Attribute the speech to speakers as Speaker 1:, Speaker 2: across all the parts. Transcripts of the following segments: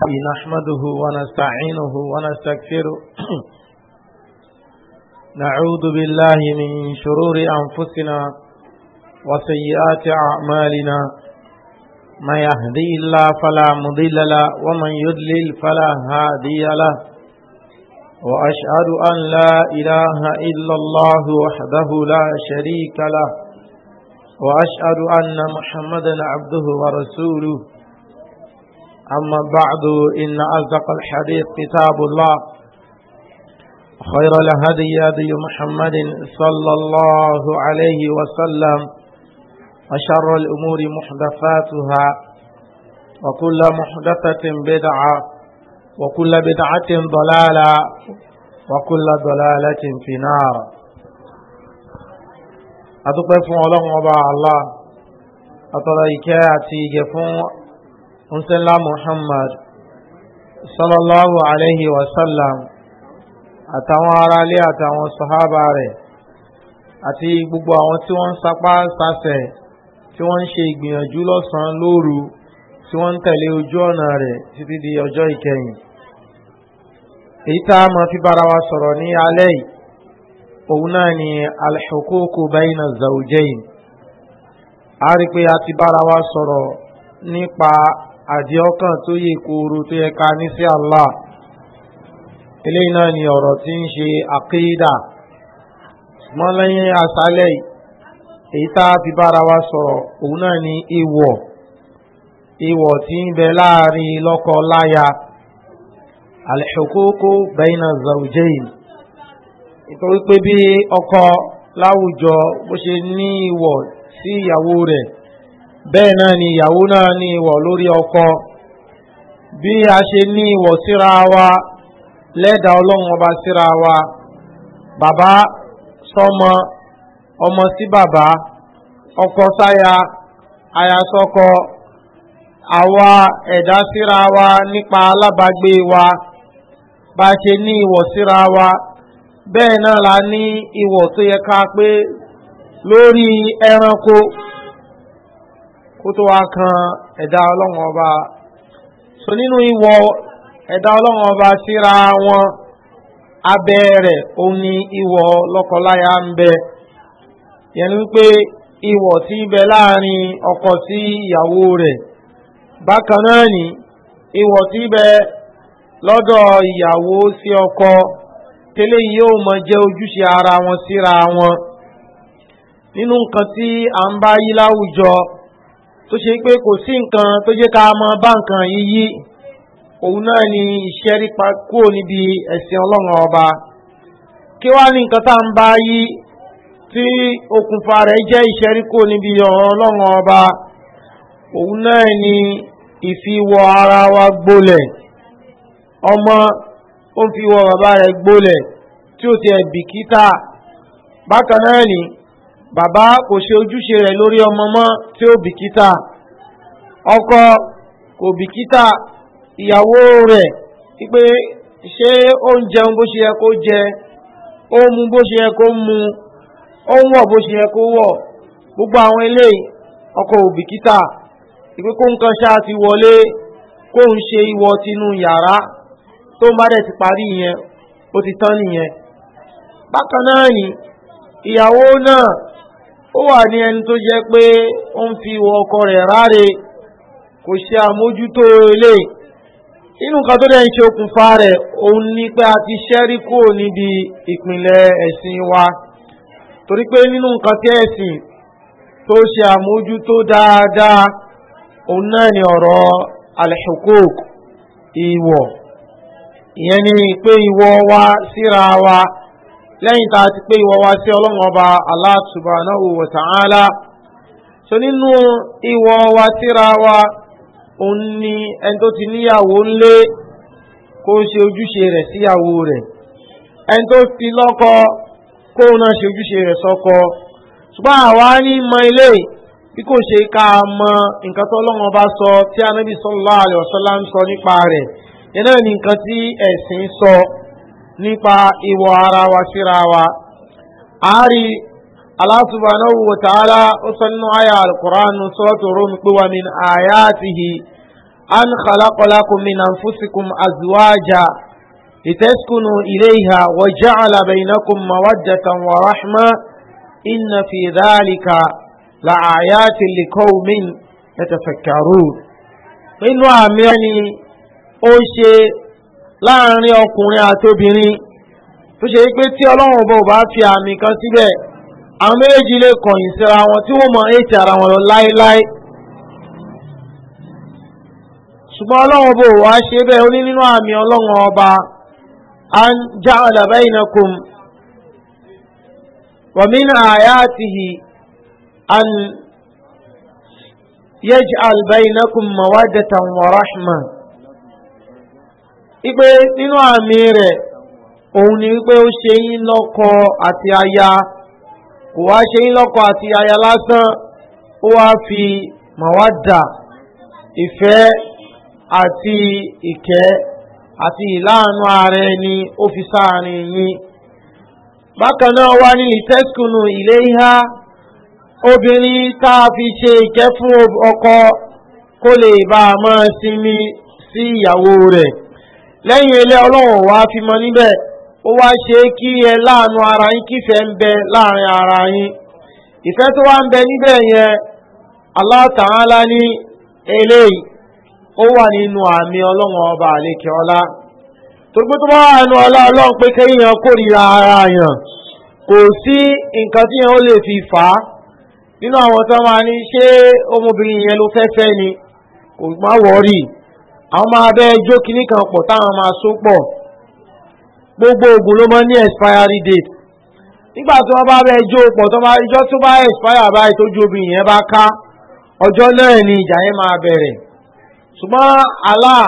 Speaker 1: نحمده ونستعينه ونستكفره نعوذ بالله من شرور أنفسنا وسيئات أعمالنا ما يهدي الله فلا مضل له ومن يضلل فلا هادي له وأشهد أن لا إله إلا الله وحده لا شريك له وأشهد أن محمدا عبده ورسوله أما بعد إن أصدق الحديث كتاب الله خير لهدي هدي محمد صلى الله عليه وسلم وشر الأمور محدثاتها وكل محدثة بدعة وكل بدعة ضلالة وكل ضلالة في نار أتقف الله وبع الله أترى إكاة ńsẹ́lá muhammad sallallahu alayhi wa sallam àtàwọn aráalé àtàwọn sọ̀hábà rẹ̀ àti gbogbo àwọn tí wọ́n ń sapá sasẹ̀ tí wọ́n ń ṣe ìgbìyànjú lọ́sàn-án lóru tí wọ́n ń tẹ̀lé ojú ọ̀nà rẹ̀ títí di ọjọ́ ìkẹyìn èyí tá a mọ̀ fi bára wa sọ̀rọ̀ ní alẹ́ yìí òun náà ni alḥukúkú bẹ́yìn zàwùjẹ́yìn a rí pé a ti bára wa sọ̀rọ̀ nípa àdíọ́kàn tó yẹ kóoru tó yẹ ká ní sí Allah eléyìí náà ni ọ̀rọ̀ tí ń ṣe àkídà mọ́ lẹ́yìn àṣálẹ̀ èyí tá a wa sọ̀rọ̀ òun náà ni ìwọ̀ ìwọ̀ tí ń bẹ láàrin lọ́kọ láya alhuququ bayna nítorí pé ọkọ láwùjọ bó ṣe ní ìwọ̀ sí ìyàwó bẹ́ẹ̀ náà ni ìyàwó náà ní ìwọ̀ lórí ọkọ bí a ṣe ní ìwọ̀ síra wa lẹ́dàá ọlọ́run ọba síra wa bàbá sọmọ ọmọ sí bàbá ọkọ sáya aya sọkọ àwa ẹ̀dá síra wa nípa alábàágbé wa bá a ṣe ní ìwọ̀ síra wa bẹ́ẹ̀ náà la ní ìwọ̀ tó yẹ ká pé lórí ẹranko. kó tó wá kan ẹ̀dá ọlọ́run ọba so nínú ìwọ ẹ̀dá ọlọ́run ọba síra wọn abẹ́ rẹ̀ ó ní ìwọ lọ́kọláya ń bẹ yẹn wípé ìwọ tí bẹ láàrin ọkọ sí ìyàwó rẹ̀ bákan náà ni ìwọ tí bẹ lọ́dọ̀ ìyàwó sí ọkọ tẹ́lẹ̀ yóò mọ jẹ́ ojúṣe ara wọn síra wọn nínú nǹkan tí à ń bá yí láwùjọ. tó ṣe pé kò sí nǹkan tó jẹ́ ká mọ bá nǹkan yìí yí òun náà ni iṣẹ́ rípa kúrò níbi ẹ̀sìn ọlọ́run ọba kí wá ní nǹkan tá ń bá yí tí okùnfà rẹ̀ jẹ́ iṣẹ́ kúrò níbi ọlọ́run ọba òun náà ni ìfiwọ ara wa gbólẹ̀ ọmọ ó ń fi wọ bàbá rẹ̀ o tí ó ti nani. bákan náà ni. bàbá kò ṣe ojúṣe rẹ̀ lórí ọmọ mọ́ tí ó bìkítà ọkọ kò bìkítà ìyàwó rẹ̀ wípé ṣé ó ń jẹun bó ṣe yẹ kó jẹ ó mu bó ṣe yẹ kó mu ó ń wọ̀ bó gbogbo àwọn eléyìí ọkọ ò bìkítà kó nǹkan ti wọlé kó ń ṣe ìwọ tinú yàrá tó ti parí ìyẹn ó ti tán nìyẹn bákan náà ni ó wà ní ẹni tó jẹ́ pé ó ń fi ìwọ ọkọ rẹ̀ ráre kò ṣe àmójútó ilé inú nǹkan tó dẹ̀ ń ṣe okùnfà rẹ̀ òun ni pé a ti ṣẹ́rí kò níbi ìpìlẹ̀ ẹ̀sìn wa torí pé nínú nǹkan tí ẹ̀sìn tó ṣe àmójútó dáadáa òun náà ni ọ̀rọ̀ alhukuk ìwọ̀ ìyẹn ni pé ìwọ wa síra wa. lẹ́yìn tá a ti pé ìwọ wa sí ọlọ́run ọba Allah subhanahu wa ta'ala so nínú ìwọ wa síra wa òun ni ẹni tó ti níyàwó ńlé kó ṣe ojúṣe rẹ̀ síyàwó rẹ̀ ẹni tó ti lọ́kọ kó náà ṣe ojúṣe rẹ̀ sọ́kọ ṣùgbọ́n àwa ní mọ ilé bí kò ṣe ká mọ nǹkan tó ọlọ́run ọba sọ tí anábì sallallahu alaihi wasallam ń sọ nípa rẹ̀ yẹn náà ni nǹkan tí ẹ̀sìn sọ nípa ìwọ̀ ara wa síra wa àárí Allah subhanahu wa ta'ala ó sọ nínú àyà alukuraanu suratu Rum pé wa min ayatihi an khalaqa lakum min anfusikum azwaja litaskunu ilayha wa ja'ala baynakum mawaddatan wa rahma inna fi dhalika la ayatin liqawmin yatafakkarun nínú àmì ẹni ó ṣe láàrin ọkùnrin àtobìnrin tó ṣe pé tí ọlọ́run ọba bá fi àmì kan síbẹ̀ àwọn méjèèjì lè kọ̀yìn síra wọn tí wọ́n mọ ètì ara wọn lọ láéláé ṣùgbọ́n ọlọ́run ọba wá ṣe bẹ́ẹ̀ ó ní nínú àmì ọlọ́run ọba an ja'ala bainakum wa min ayatihi an Ipe nínú àmì rẹ̀ òun ni wípé ó ṣe yín lọ́kọ àti aya kò wá ṣe yín lọ́kọ àti aya lásán ó wá fi màwádà ìfẹ́ àti ìkẹ́ àti ìláàánú ààrẹ ni ó fi sáàrin yín bákan náà wá ní ìtẹ́sùkùnù ilé ìhá fi ṣe ìkẹ́ fún ọkọ kó lè bá a máa sinmi sí lẹ́yìn ilé ọlọ́run wá fi mọ níbẹ̀ ó wá ṣe kí ẹ láàánú ara yín kífẹ́ ń bẹ láàrin ara yín ìfẹ́ tó wá ń bẹ níbẹ̀ yẹn Allah ní eléyìí ó àmì ọlọ́run ọba àlekè ọlá torípé tó ọlá ọlọ́run pé kéèyàn kórìíra ara yàn kò sí nǹkan tí yẹn ó lè fi fà á nínú àwọn tó máa ní ṣé ọmọbìnrin yẹn àwọn máa bẹ́ ẹjọ́ kìíní kan pọ̀ táwọn máa so pọ̀ gbogbo oògùn ló mọ́ ní expiry date nígbà tí wọ́n bá bẹ́ ẹjọ́ pọ̀ tó bá ẹjọ́ tó bá expire báyìí tójú obìnrin yẹn bá ká ọjọ́ náà ni ìjà yẹn máa bẹ̀rẹ̀ ṣùgbọ́n Allah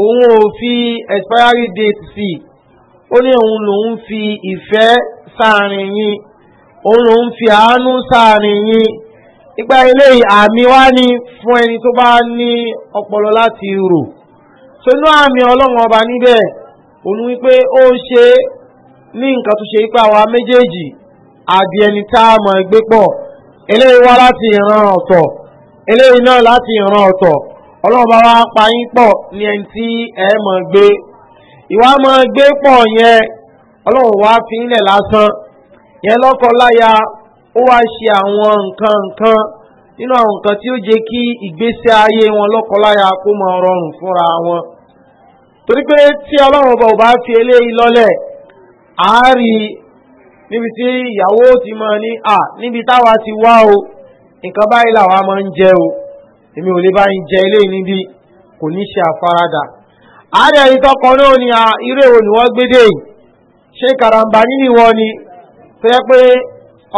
Speaker 1: òun ò fi expiry date sí ó ní òun lòun fi ìfẹ́ sáàrin yín òun lòun fi àánú sáàrin yín ìgbà ilé àmì wá ní fún ẹni tó bá ní ọpọlọ láti rò tó inú àmì ọlọ́run ọba níbẹ̀ òun wípé ó ń ṣe ní nǹkan tó ṣe ipá wa méjèèjì àbí ẹni tá a mọ̀ gbé pọ̀ eléyìí wá láti ìran ọ̀tọ̀ eléyìí náà láti ìran ọ̀tọ̀ ọlọ́run bá wá pa yín pọ̀ ní ẹni tí ẹ mọ̀ gbé ìwà mọ̀ gbé pọ̀ yẹn ọlọ́run wá fi ń lẹ̀ lásán yẹn lọ́kọ láya ó wá ṣe àwọn nǹkan nǹkan nínú àwọn nǹkan tí ó jẹ́ kí ìgbésí ayé wọn lọ́kọláya kó mọ rọrùn fúnra wọn torí pé tí ọlọ́run ọba ò bá fi eléyìí lọ́lẹ̀ àárí níbi tí ìyàwó ti mọ ní à níbi táwa ti wá o nǹkan báyìí làwa máa ń jẹ o èmi ò lè bá ń jẹ eléyìí níbi kò ní ṣe àfaradà àárí ẹni tọkọ náà ni irú èwo ni wọ́n gbédè yìí ṣé karambani ni wọ́n ni tó yẹ pé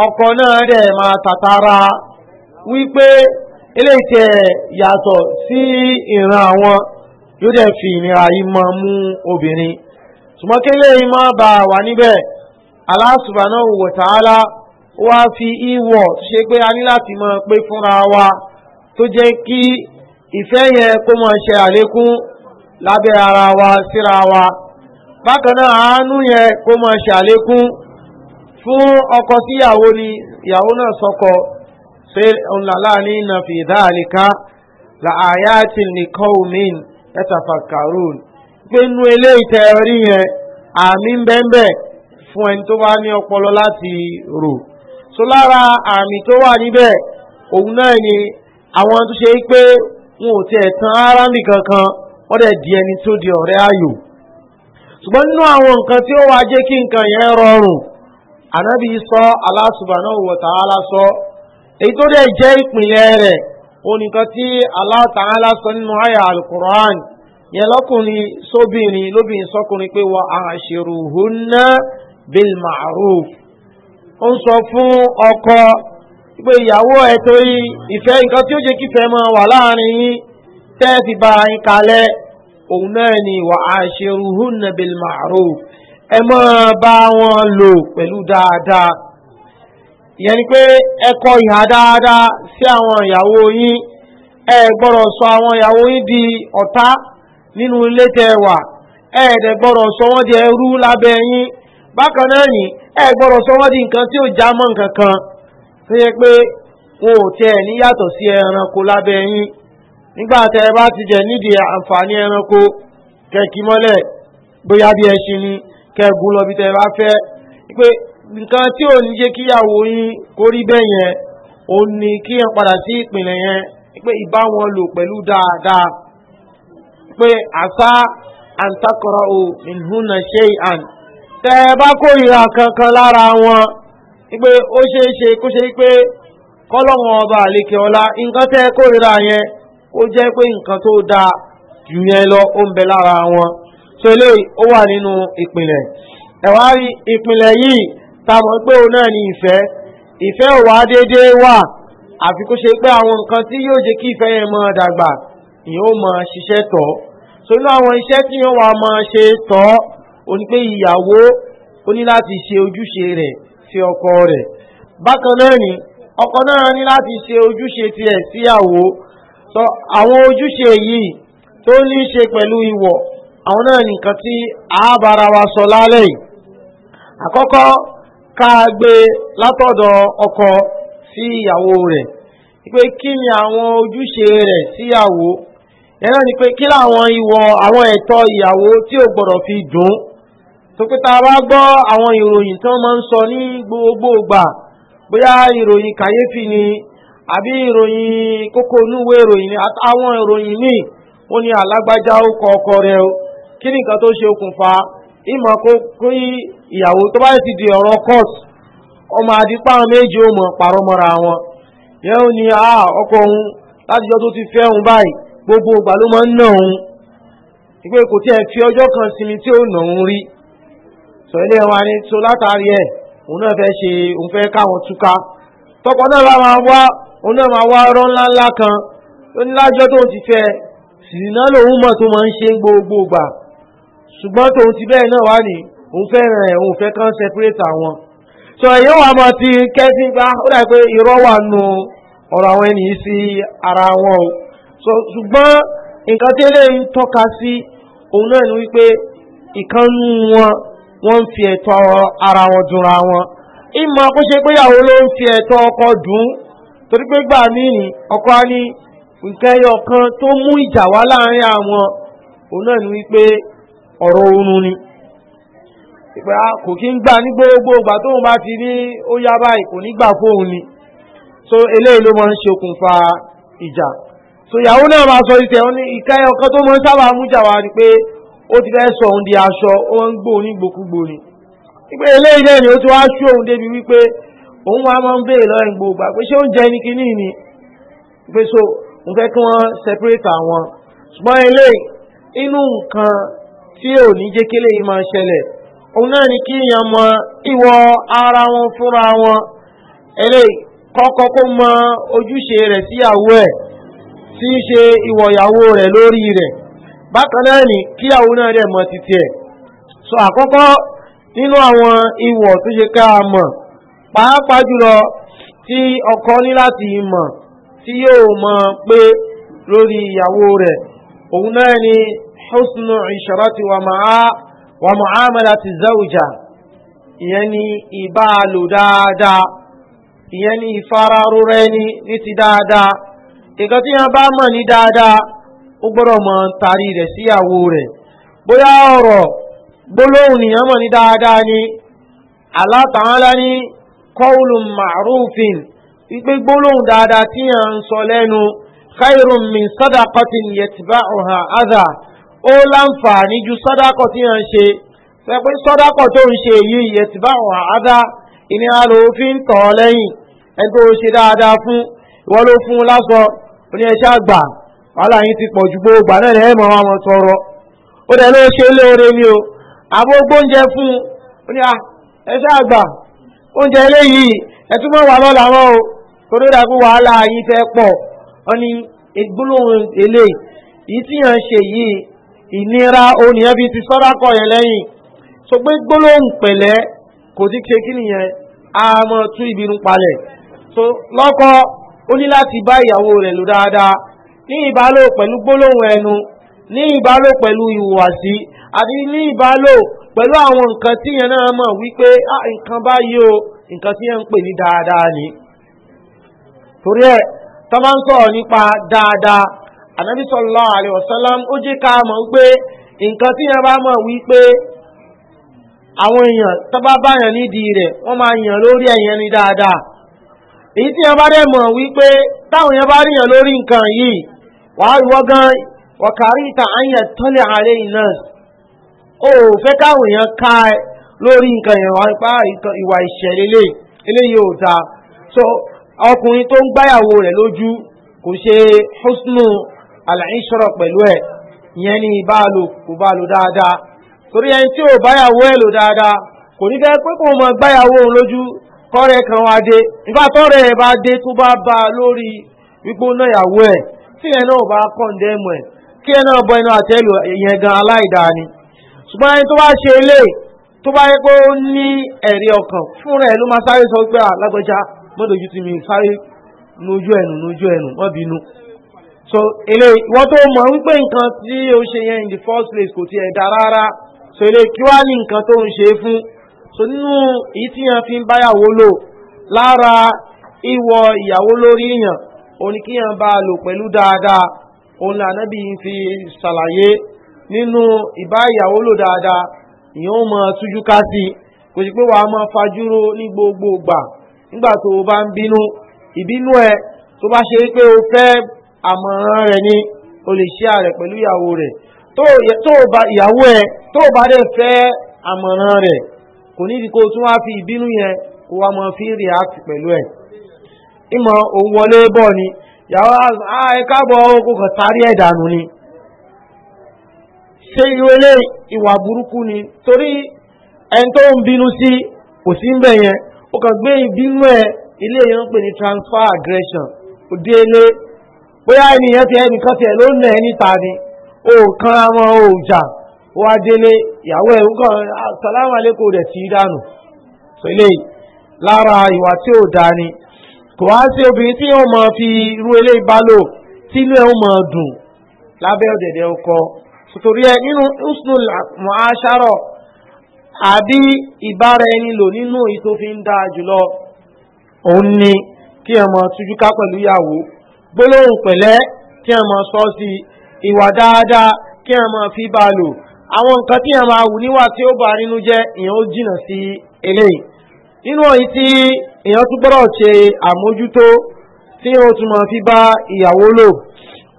Speaker 1: ọkọ̀ náà dẹ̀ máa tàtàrà wípé eléyìí tẹ̀ yàtọ̀ sí ìran àwọn yóò dẹ̀ fi ìnira yìí mọ mú obìnrin sùmọ́kélé yìí máa bá wà níbẹ̀ Allah subhanahu wa ta'ala wá fi ìwọ̀ ṣe pé a ní láti mọ pé fúnra wa tó jẹ́ kí ìfẹ́ yẹn kó mọ ṣe àlékún lábẹ́ ara wa síra wa bákan náà àánú yẹn kó mọ ṣe àlékún. fún ọkọ síyàwó ni ìyàwó náà sọkọ ṣe ọ̀nàlá ní iná fi ìdáàlíká làáyá ti nìkan omin ẹ̀tàfà karun pé inú ilé ìtẹ̀ rí yẹn àmì ń fún ẹni tó bá ní ọpọlọ láti rò so lára àmì tó wà níbẹ̀ òun náà ni àwọn tó ṣe pé wọn ò tiẹ̀ tan ara nìkan kan wọ́n dẹ̀ di ẹni tó di ọ̀rẹ́ ayò ṣùgbọ́n nínú àwọn nǹkan tí ó wá jẹ́ kí nǹkan yẹn rọrùn ànábì sọ aláṣùbànà òwòtà aláṣọ èyí tó dẹ̀ jẹ́ ìpìlẹ̀ rẹ̀ onìkan tí aláta aláṣọ nínú àyà alukur'an yẹn lọ́kùnrin sóbìnrin lóbìnrin sọkùnrin pé wọ́n àṣírù húnná bil ma'ruf ó ń sọ fún ọkọ pé ìyàwó ẹ̀ torí ìfẹ́ nǹkan tí ó jẹ́ kífẹ́ máa wà láàrin yín tẹ́ẹ̀ fi bá yín kalẹ̀ òun náà ni wọ́n àṣírù húnná bil ma'ruf ẹ mọ́ bá wọn lò pẹ̀lú dáadáa ìyẹn ni pé ẹ kọ ìhà dáadáa sí àwọn ìyàwó yín ẹ gbọ́dọ̀ sọ àwọn ìyàwó yín di ọ̀tá nínú ilé tẹ́ wà ẹ dẹ̀ gbọ́dọ̀ sọ wọ́n di ẹrú lábẹ́ yín bákan náà ni ẹ gbọ́dọ̀ sọ wọ́n di nǹkan tí ò já mọ́ nǹkan kan tó yẹ pé wọn ò tẹ ẹ̀ ní sí ẹranko lábẹ́ yín nígbà tẹ ẹ bá ti jẹ nídìí àǹfààní ẹranko kẹkí mọ́lẹ̀ bóyá bí ẹṣin ni kẹ́gùn lọ bí tẹ́ bá fẹ́ pé nǹkan tí ò ní jẹ́ kíyàwó yín kó rí bẹ́ẹ̀ yẹn ò ní kí ẹ padà sí ìpìlẹ̀ yẹn pé ìbáwọn lò pẹ̀lú dáadáa pé àṣà àǹtakọ̀rọ̀ ò ṣe àn tẹ́ bá kórìíra kankan lára wọn pé ó ṣe kó ṣe pé ọba àlekè ọlá nǹkan tẹ́ kórìíra yẹn ó jẹ́ pé nǹkan tó lára wọn. so eléyìí ó wà nínú ìpìlẹ̀ ẹ̀wá rí ìpìlẹ̀ yìí ta pé òun náà ni ìfẹ́ ìfẹ́ ò wá déédéé wà àfi kó ṣe pé àwọn nǹkan tí yóò jẹ́ kí ìfẹ́ yẹn máa dàgbà ìyẹn ó máa ṣiṣẹ́ tọ̀ so inú àwọn iṣẹ́ tí yóò wá máa ṣe tọ́ ó ní pé ìyàwó ó ní láti ṣe ojúṣe rẹ̀ sí ọkọ rẹ̀ bákan náà ni ọkọ náà ní láti ṣe ojúṣe tiẹ̀ síyàwó àwọn ojúṣe yìí tó ní ṣe pẹ̀lú ìwọ̀ àwọn náà nìkan tí àábára wa sọ lálẹ́ yìí àkọ́kọ́ ká gbé látọ̀dọ̀ ọkọ sí ìyàwó rẹ̀ pé kí ni àwọn ojúṣe rẹ̀ síyàwó ẹ̀rọ ni pé kí làwọn ìwọ àwọn ẹ̀tọ́ ìyàwó tí ò gbọ́dọ̀ fi dùn tó pé tá a bá gbọ́ àwọn ìròyìn tí wọ́n máa ń sọ ní gbogbo ìgbà bóyá ìròyìn kàyéfì ni àbí ìròyìn kókó inúwé ìròyìn ni àtàwọn ìròyìn míì ó ní alágbájá ó kọ ọkọ rẹ̀ o kí ni nǹkan tó ṣe okùnfà ìmọ̀ kó kó yí ìyàwó tó bá ti di ọ̀rọ̀ court ọmọ àdìpá méjì ó mọ̀ pàrọ̀ mọ́ra wọn yẹn ó a ọkọ òun látijọ́ tó ti fẹ́ òun báyìí gbogbo ìgbà ló máa ń nà òun ìpè kò tí ẹ fi ọjọ́ kan sinmi tí ó nà òun rí sọ ilé wa ni so látàrí ẹ òun náà fẹ́ ṣe òun fẹ́ káwọn túká tọkọ náà bá máa wá òun náà máa wá ọ̀rọ̀ ńlá ńlá kan ó ní lájọ́ tó ti fẹ́ sìnà lòun mọ̀ tó máa ń ṣe gbogbo ìgbà ṣùgbọ́n tòun ti bẹ́ẹ̀ náà wá ní òun fẹ́ rẹ̀ òun fẹ́ kán separate àwọn sọ èyí wà mọ̀ ti kẹ́sí gbá ó dà pé irọ́ wà nù ọ̀rọ̀ àwọn ẹni sí ara wọn o ṣùgbọ́n nǹkan tí eléyìí tọ́ka sí òun náà ni wípé ìkànnú wọn wọ́n ń fi ẹ̀tọ́ ara wọn dunra wọn ìmọ̀ kó ṣe pé ìyàwó ló ń fi ẹ̀tọ́ ọkọ dùn torí pé gbà míì ní ọkọ á ní nǹkan ẹyọ kan tó mú ìjà wá láàárín àwọn òun náà ni wípé ọ̀rọ̀ oorun ni ìpè a kò kí ń gbà ní gbogbo ìgbà tóun bá ti ní ó yá báyìí kò ní gbà fóun ni so eléyìí ló máa ń ṣokùnfà ìjà so ìyàwó náà máa sọ ìtẹ̀ ó ní ìkẹ́ ọkàn tó máa ń sábà mú jà wá ni pé ó ti fẹ́ sọ òun di aṣọ ó ń gbó ní gbòkúgbò ni ìpè eléyìí náà ni ó ti wá ṣú òun débi wípé òun wa máa ń béèrè lọ́rìn gbogbo àpé ṣé oúnjẹ ní kinní ni pé so mo fẹ́ kí wọ́n separate àwọn ṣùgbọ́n eléyìí inú nǹkan tí ò ní jẹ́ kílé yìí máa ṣẹlẹ̀ òun náà ni kí èèyàn mọ ìwọ ara wọn fúnra wọn eléyìí kọ́kọ́ kó mọ ojúṣe rẹ̀ síyàwó ẹ̀ tí í ṣe ìwọ ìyàwó rẹ̀ lórí rẹ̀ bákan náà ni kíyàwó náà rẹ̀ mọ títí ẹ̀ sọ àkọ́kọ́ nínú àwọn ìwọ tó ṣe ká a mọ̀ pàápàá jùlọ tí ọkọ ní láti mọ̀ tí yóò mọ̀ pé lórí ìyàwó rẹ̀ òun náà ni husnu ìṣòrọ́tì wà mọ̀hámàlà ti záwùjà ìyẹn ni ìbá lò dáadáa ìyẹn ni ìfara rúra ẹni ní ti dáadáa ìkan tí wọn bá mọ̀ ní dáadáa ó gbọ́dọ̀ mọ̀ ń tarí rẹ̀ síyàwó rẹ̀ bóyá ọ̀rọ̀ gbólóhùn nìyẹn mọ̀ ní dáadáa ni alátàmọ́lá ní kọ́ùlù màrúfin wípé gbólóhùn dáadáa tí yàn ń sọ lẹ́nu khairun min sadaqatin yẹtìbá ọ̀hà adha ó láǹfààní ju sọ́dákọ̀ tí wọ́n ń ṣe pẹ̀pẹ́ sọ́dákọ̀ tó ń ṣe yìí ẹ̀sìn báwọn àádá ìnira ló fi ń tọ̀ ọ́ lẹ́yìn ẹni tó ṣe dáadáa fún ìwọ́n ló fún un lásọ oní ẹṣẹ́ àgbà wàhálà yín ti pọ̀ ju gbogbo àná ẹ̀ mọ̀ wọn sọ̀rọ̀ ó dẹ̀ ló ṣe lóore ni o àbógbóúnjẹ fún un oní ẹṣẹ́ àgbà oúnjẹ eléyìí ẹ̀túnmọ̀ wà lọ́la wọn o torí dàgbé wàhálà yín fẹ́ pọ̀ ọ ní ìgbólóhùn eléyìí tí yàn ń ṣe yìí ìnira oníyẹn fi ti sọ́dá kọ yẹn lẹ́yìn so pé gbólóhùn pẹ̀lẹ́ kò sí ṣe kí nìyẹn a mọ̀ tún ìbínú palẹ̀ so lọ́kọ ó ní láti bá ìyàwó rẹ̀ lò dáadáa ní ìbálò pẹ̀lú gbólóhùn ẹnu ní ìbálò pẹ̀lú ìhùwàsí àti ní ìbálò pẹ̀lú àwọn nǹkan tí yẹn náà mọ̀ wípé nǹkan báyìí o nǹkan tí yẹn ń pè ní dáadáa ni torí ẹ̀ tọ́ máa ń sọ̀rọ̀ nípa dáadáa ànábì sallallahu alaihi wasallam ó jẹ́ ká mọ̀ pé nǹkan tí yẹn bá mọ̀ wípé àwọn èèyàn tó bá báyàn nídìí rẹ̀ wọ́n máa yàn lórí ẹ̀yẹn ni dáadáa èyí tí yẹn bá dẹ̀ mọ̀ wípé táwọn yẹn bá ríyàn lórí nǹkan yìí wàá wọ́ gan wọ̀kárí ìta àyẹ̀ tọ́lẹ̀ ààrẹ iná ó fẹ́ káwọn èèyàn ká lórí nǹkan yẹn wọ́n ah, pa ìwà ìṣẹ̀lẹ̀ lè eléyìí ò dáa so ọkùnrin tó ń gbáyàwó rẹ̀ lójú kò ṣe húsnù àlàyé sọ̀rọ̀ pẹ̀lú ẹ̀ ìyẹn ní ìbálò kò bá lò dáadáa torí ẹni tí ò báyàwó ẹ̀ lò dáadáa kò ní fẹ́ pé kò mọ gbáyàwó òun lójú kọ́rẹ́ kan wá dé nígbà tọ́rẹ́ ẹ̀ bá dé tó bá bá a lórí wípé náà yàwó ẹ̀ tí ẹ̀ náà bá kọ̀ǹdẹ́mù ẹ̀ kí ẹ̀ náà bọ inú àtẹ́lù ìyẹn gan aláìdáa ni ṣùgbọ́n ẹni tó bá ṣe eléyìí tó bá yẹ pé ó ní ẹ̀rí ọkàn fún rẹ̀ ló máa sáré sọ pé alágbèjá mọ́tò ojú ti mi sáré lójú ẹ̀nù lójú ẹ̀nù wọ́n so ele wọ́n tó mọ̀ ń pé nǹkan tí ó ṣe yẹn in the first place kò tiẹ̀ dá rárá so ele kí wá ní nǹkan tó ń ṣe fún so nínú èyí tí yẹn fi ń báyàwó lò lára ìwọ ìyàwó lórí èèyàn òní kí yẹn bá a lò pẹ̀lú dáadáa òun lànà bí n fi ṣàlàyé nínú ìbá ìyàwó lò dáadáa ìyẹn ó mọ tújú ká sí kò sí pé wàá mọ fajúro ní gbogbo ìgbà nígbà tó o bá ń bínú ìbínú ẹ tó bá ṣe pé o fẹ́ àmọ̀ràn rẹ̀ ni o lè ṣe ààrẹ pẹ̀lú ìyàwó rẹ̀ tó o bá ìyàwó ẹ tó bá dẹ̀ fẹ́ àmọ̀ràn rẹ̀ kò nídìí kó o tún wá fi ìbínú yẹn kó wa mọ fi react pẹ̀lú ẹ̀ ìmọ̀ òun wọlé bọ̀ ni ìyàwó ẹ káàbọ̀ kan tarí ẹ̀ ni ni torí ẹni tó ń bínú sí kò sí ń bẹ̀ yẹn ó kàn gbé ìbínú ilé yẹn aggression bóyá ènìyàn ti ẹnìkan tiẹ̀ ló nà ẹ́ níta ni ó kan àwọn òòjà wá délé ìyàwó ẹ̀ ń kàn sàlámù alẹ́kọ̀ rẹ̀ ti dànù sílé lára ìwà tí ò dáa ni kò wá sí obìnrin tí yóò mọ fi irú ilé ìbálò tí ilé ń mọ dùn lábẹ́ ọ̀dẹ̀dẹ̀ ọkọ sòtòrí ẹ nínú usnul mu'asharo àbí ìbára ẹni lò nínú èyí dáa jùlọ òun ni kí ẹ mọ tújú pẹ̀lú ìyàwó gbólóhùn pẹ̀lẹ́ kí a máa sọ sí ìwà dáadáa kí a máa fi bá lò àwọn nǹkan tí a máa wù níwà tí ó bá rínú jẹ́ èèyàn ó jìnà sí eléyìí nínú ọ̀yí tí tún gbọ́dọ̀ ṣe tí ó tún fi bá ìyàwó lò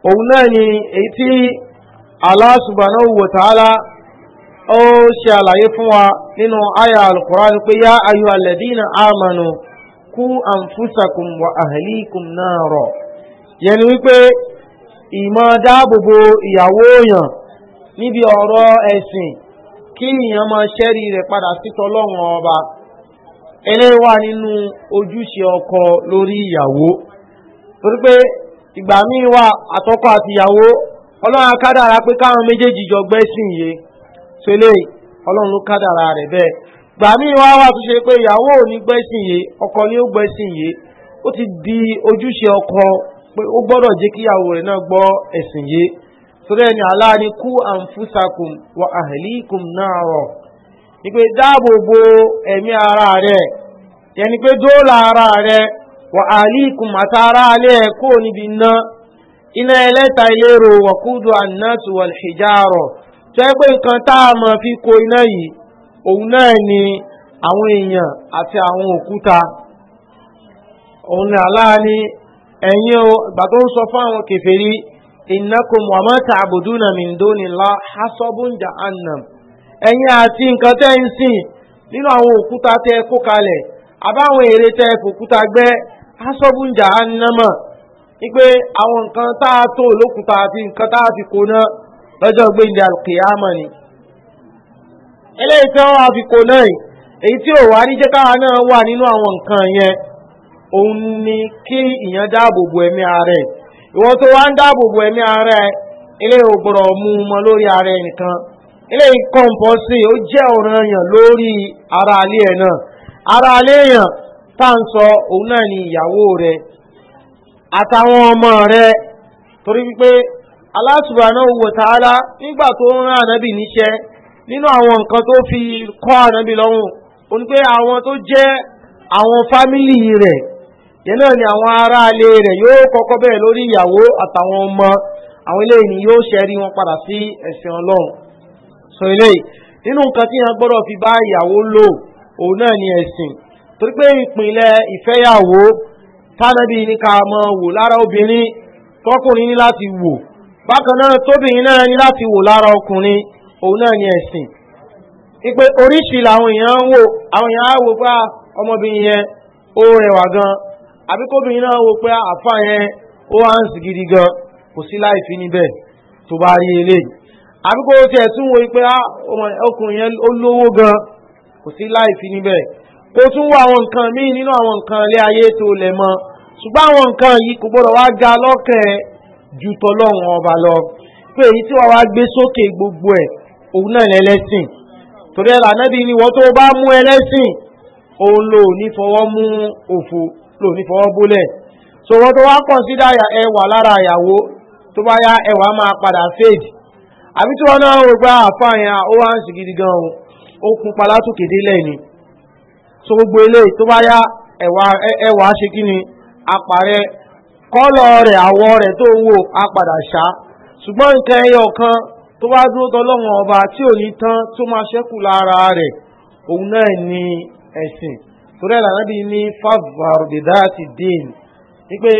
Speaker 1: òun náà ni èyí tí ó fún wa nínú àyà pé yá náà yẹn ni wípé ìmọ̀ dáàbòbò ìyàwó èèyàn níbi ọ̀rọ̀ ẹ̀sìn kí èèyàn máa ṣẹ́rí rẹ̀ padà síta ọlọ́run ọba eléyìí wà nínú ojúṣe ọkọ lórí ìyàwó torí pé ìgbà míì wà àtọkọ àti ìyàwó ọlọ́run akádàrà pé káwọn méjèèjì jọ gbẹ́sìn yìí so eléyìí ọlọ́run ló kádàrà rẹ̀ bẹ́ẹ̀ ìgbà míì wà wà tó ṣe pé ìyàwó ò ní gbẹ́sìn yìí ọkọ ni ó gbẹ́sìn yìí ó ti di ojúṣe ọkọ pé ó gbọ́dọ̀ jẹ́ kí ìyàwó rẹ̀ náà gbọ́ ẹ̀sìn yé torí ẹni aláàní kú àǹfùsàkùn wà àhìlíkùn náà rọ̀ ni pé dáàbò bo ẹ̀mí ara rẹ̀ yẹni pé dóòlà ara rẹ̀ wà àhìlíkùn ara alẹ́ ẹ̀ níbi iná iná ẹlẹ́ta ìlérò ànátù wà tó pé nǹkan tá a mọ̀ fi iná yìí òun náà ni àwọn èèyàn àti àwọn òkúta òun ni ẹ̀yin o ìgbà tó ń sọ fáwọn kẹfẹ́rí ìnákùn wàmọ́ tààbùdúnà mìndónìlá hasọ́bùnjà annam ẹ̀yin àti nǹkan tẹ́ ń sìn nínú àwọn òkúta tẹ́ kó kalẹ̀ àbáwọn èrè tẹ́ fòkúta gbẹ́ hasọ́bùnjà annama wípé àwọn nǹkan tá a tó lókùta àti nǹkan tá a fi kó náà lọ́jọ́ gbéǹde alkiyama ni eléyìí tí wọ́n á fi kó náà èyí tí ò wá ní jẹ́ káwa náà wà nínú àwọn nǹkan yẹn òun ni kí ìyẹn dáàbòbò ẹ̀mí ààrẹ ìwọ́n tó wá ń dáàbòbò ẹ̀mí ààrẹ ilé ògbọ̀rọ̀ mú un mọ lórí ààrẹ nìkan ilé ìkọ̀ǹpọ̀ sí ó jẹ́ ọ̀ràn èèyàn lórí ara alẹ́ ẹ̀ náà ara alẹ́ èèyàn tá à ń sọ òun náà ni ìyàwó rẹ àtàwọn ọmọ rẹ torí wípé Allah subhanahu wa nígbà tó ń rán ànábì níṣẹ́ nínú àwọn nǹkan tó fi kọ́ ànábì lọ́rùn òun pé àwọn tó jẹ́ àwọn fámìlì rẹ̀ yẹn náà ni àwọn ará ilé rẹ̀ yóò kọ́kọ́ bẹ̀rẹ̀ lórí ìyàwó àtàwọn ọmọ àwọn ilé ni yóò ṣẹ́rí wọn padà sí ẹ̀sìn ọlọ́run sọ ilé nínú nǹkan tí yẹn gbọ́dọ̀ fi bá ìyàwó lò òun náà ni ẹ̀sìn torí pé ìpìlẹ̀ ìfẹ́yàwó tánàbí ní ká mọ wò lára obìnrin tọkùnrin ní láti wò bákan náà tóbìnrin náà ní láti wò lára ọkùnrin òun náà ni ẹ̀sìn ipe oríṣi làwọn èèyàn ń wò àwọn èèyàn á wò pa ah, ọmọbìnrin yẹn ó rẹwà gan àbí kóbìnrin náà wo pé ah, àfà yẹn ó wá ń sì gidi gan kò sí láì fi níbẹ̀ tó bá rí eléyìí àbí kó tiẹ̀ tún wo pé ah, ọkùnrin yẹn ó lówó gan kò sí láì fi níbẹ̀ kó tún wo àwọn nǹkan míì nínú àwọn nǹkan ilé ayé tó lẹ̀ mọ́ ṣùgbọ́n àwọn nǹkan yìí kò gbọ́dọ̀ wá ga lọ́kàn ju tọlọ́run ọba lọ pé èyí tí wàá wá gbé sókè gbogbo ẹ̀ òun náà lẹ́lẹ́sìn torí ẹ̀ lànà bí ni wọ́n tó bá mú ẹlẹ́sìn òun lò ní fọwọ́ mú òfo lò ní fọwọ́ bólẹ̀ sọ̀rọ̀ tó wá consider ẹwà lára ìyàwó tó bá yá ẹwà máa padà fade àbí tí wọ́n náà ń gba àfààyàn ó wá ń sì gidi gan ó kún pa látòkè délẹ̀ ni so gbogbo eléyìí tó bá yá ẹwà ṣe kí ni apàrẹ kọ́lọ̀ rẹ̀ àwọ̀ rẹ̀ tó wò á padà ṣá ṣùgbọ́n nǹkan ẹyọ kan tó bá dúró tọlọ́wọ́n ọba tí ò ní tán tó máa ṣẹ́kù lára rẹ̀ òun náà ni ẹ̀sìn torí ẹ̀ làwọn bíi ní fàvàrù bìdá àti dín wípé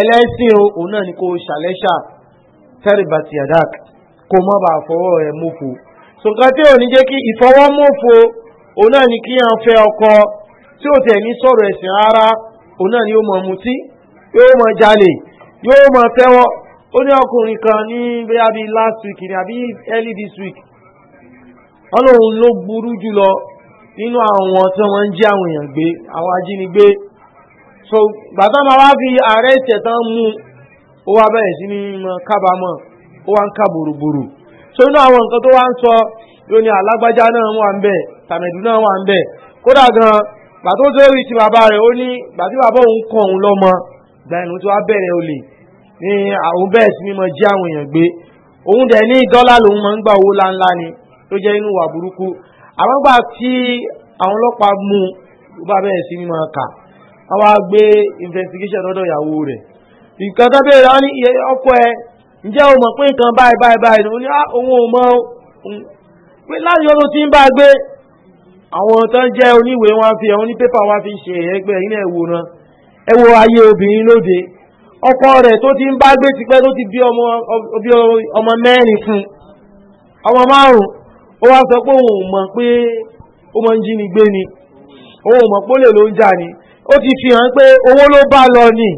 Speaker 1: ẹlẹ́sìn o òun náà ni kò ṣàlẹ́ṣà tẹ́rìbà ti àdáàk kó má bàa fọwọ́ rẹ̀ mọ́fò sọ̀kan tí ò ní jẹ́ kí ìfọwọ́mọ́fò òun náà ni kí à fẹ́ ọkọ tí ò tẹ̀ ní sọ̀rọ̀ ẹ̀sìn rárá òun náà ni ó mọ̀ mutí yóò mọ̀ jalè yóò mọ̀ tẹ́wọ́ ó ní ọkùnrin kan ní bẹ́ẹ̀ last week ni àbí early this week ọlọ́run ló burú jùlọ nínú àwọn tí wọ́n ń jí àwọn èèyàn gbé àwọn ajínigbé so gbàtọ́ máa wá fi ààrẹ ìtẹ̀tàn mú ó wá bẹ̀rẹ̀ sí ní kábàámọ̀ ó wá ń ká bòròbòrò so inú àwọn nǹkan tó wá ń sọ ló ní alágbájá náà wà ń bẹ̀ tàmẹ̀dù náà wà ń bẹ̀ kódà gan gbàtó tó rí ti bàbá rẹ̀ ó ní gbàtí bàbá òun kọ̀ òun lọ́mọ gbàyànjú tó wá bẹ̀rẹ̀ olè ní àwọn bẹ́ẹ̀ sí mímọ jí àwọn èèyàn gbé òun dẹ̀ ní dọ́là lòun máa ń gba owó láńlá ni tó jẹ́ inú wà burúkú àwọn gbà tí àwọn ọlọ́pàá mú un bá bẹ̀rẹ̀ sí mímọ kà á wá investigation lọ́dọ̀ ìyàwó rẹ̀ nǹkan tó bẹ̀rẹ̀ wọn ní ọkọ ẹ ǹjẹ́ o mọ̀ pé nǹkan báyìí báyìí báyìí ó ní ah, òun ò mọ pé láti ọdún tí ń bá gbé àwọn tó ń jẹ́ oníwèé wọn fi àwọn onípépà wọn fi ṣe ẹgbẹ́ ilé ìwòran ẹ wo ayé obìnrin lóde ọkọ rẹ̀ tó ti ń bá gbé tipẹ́ tó ti bí ọmọ mẹ́rin fún ọmọ márùn-ún ó wá sọ pé òun mọ̀ pé ó mọ̀ ń jí ni gbé ni òun mọ̀ pólè ló ń jà ni ó ti fi hàn pé owó ló bá lọ ni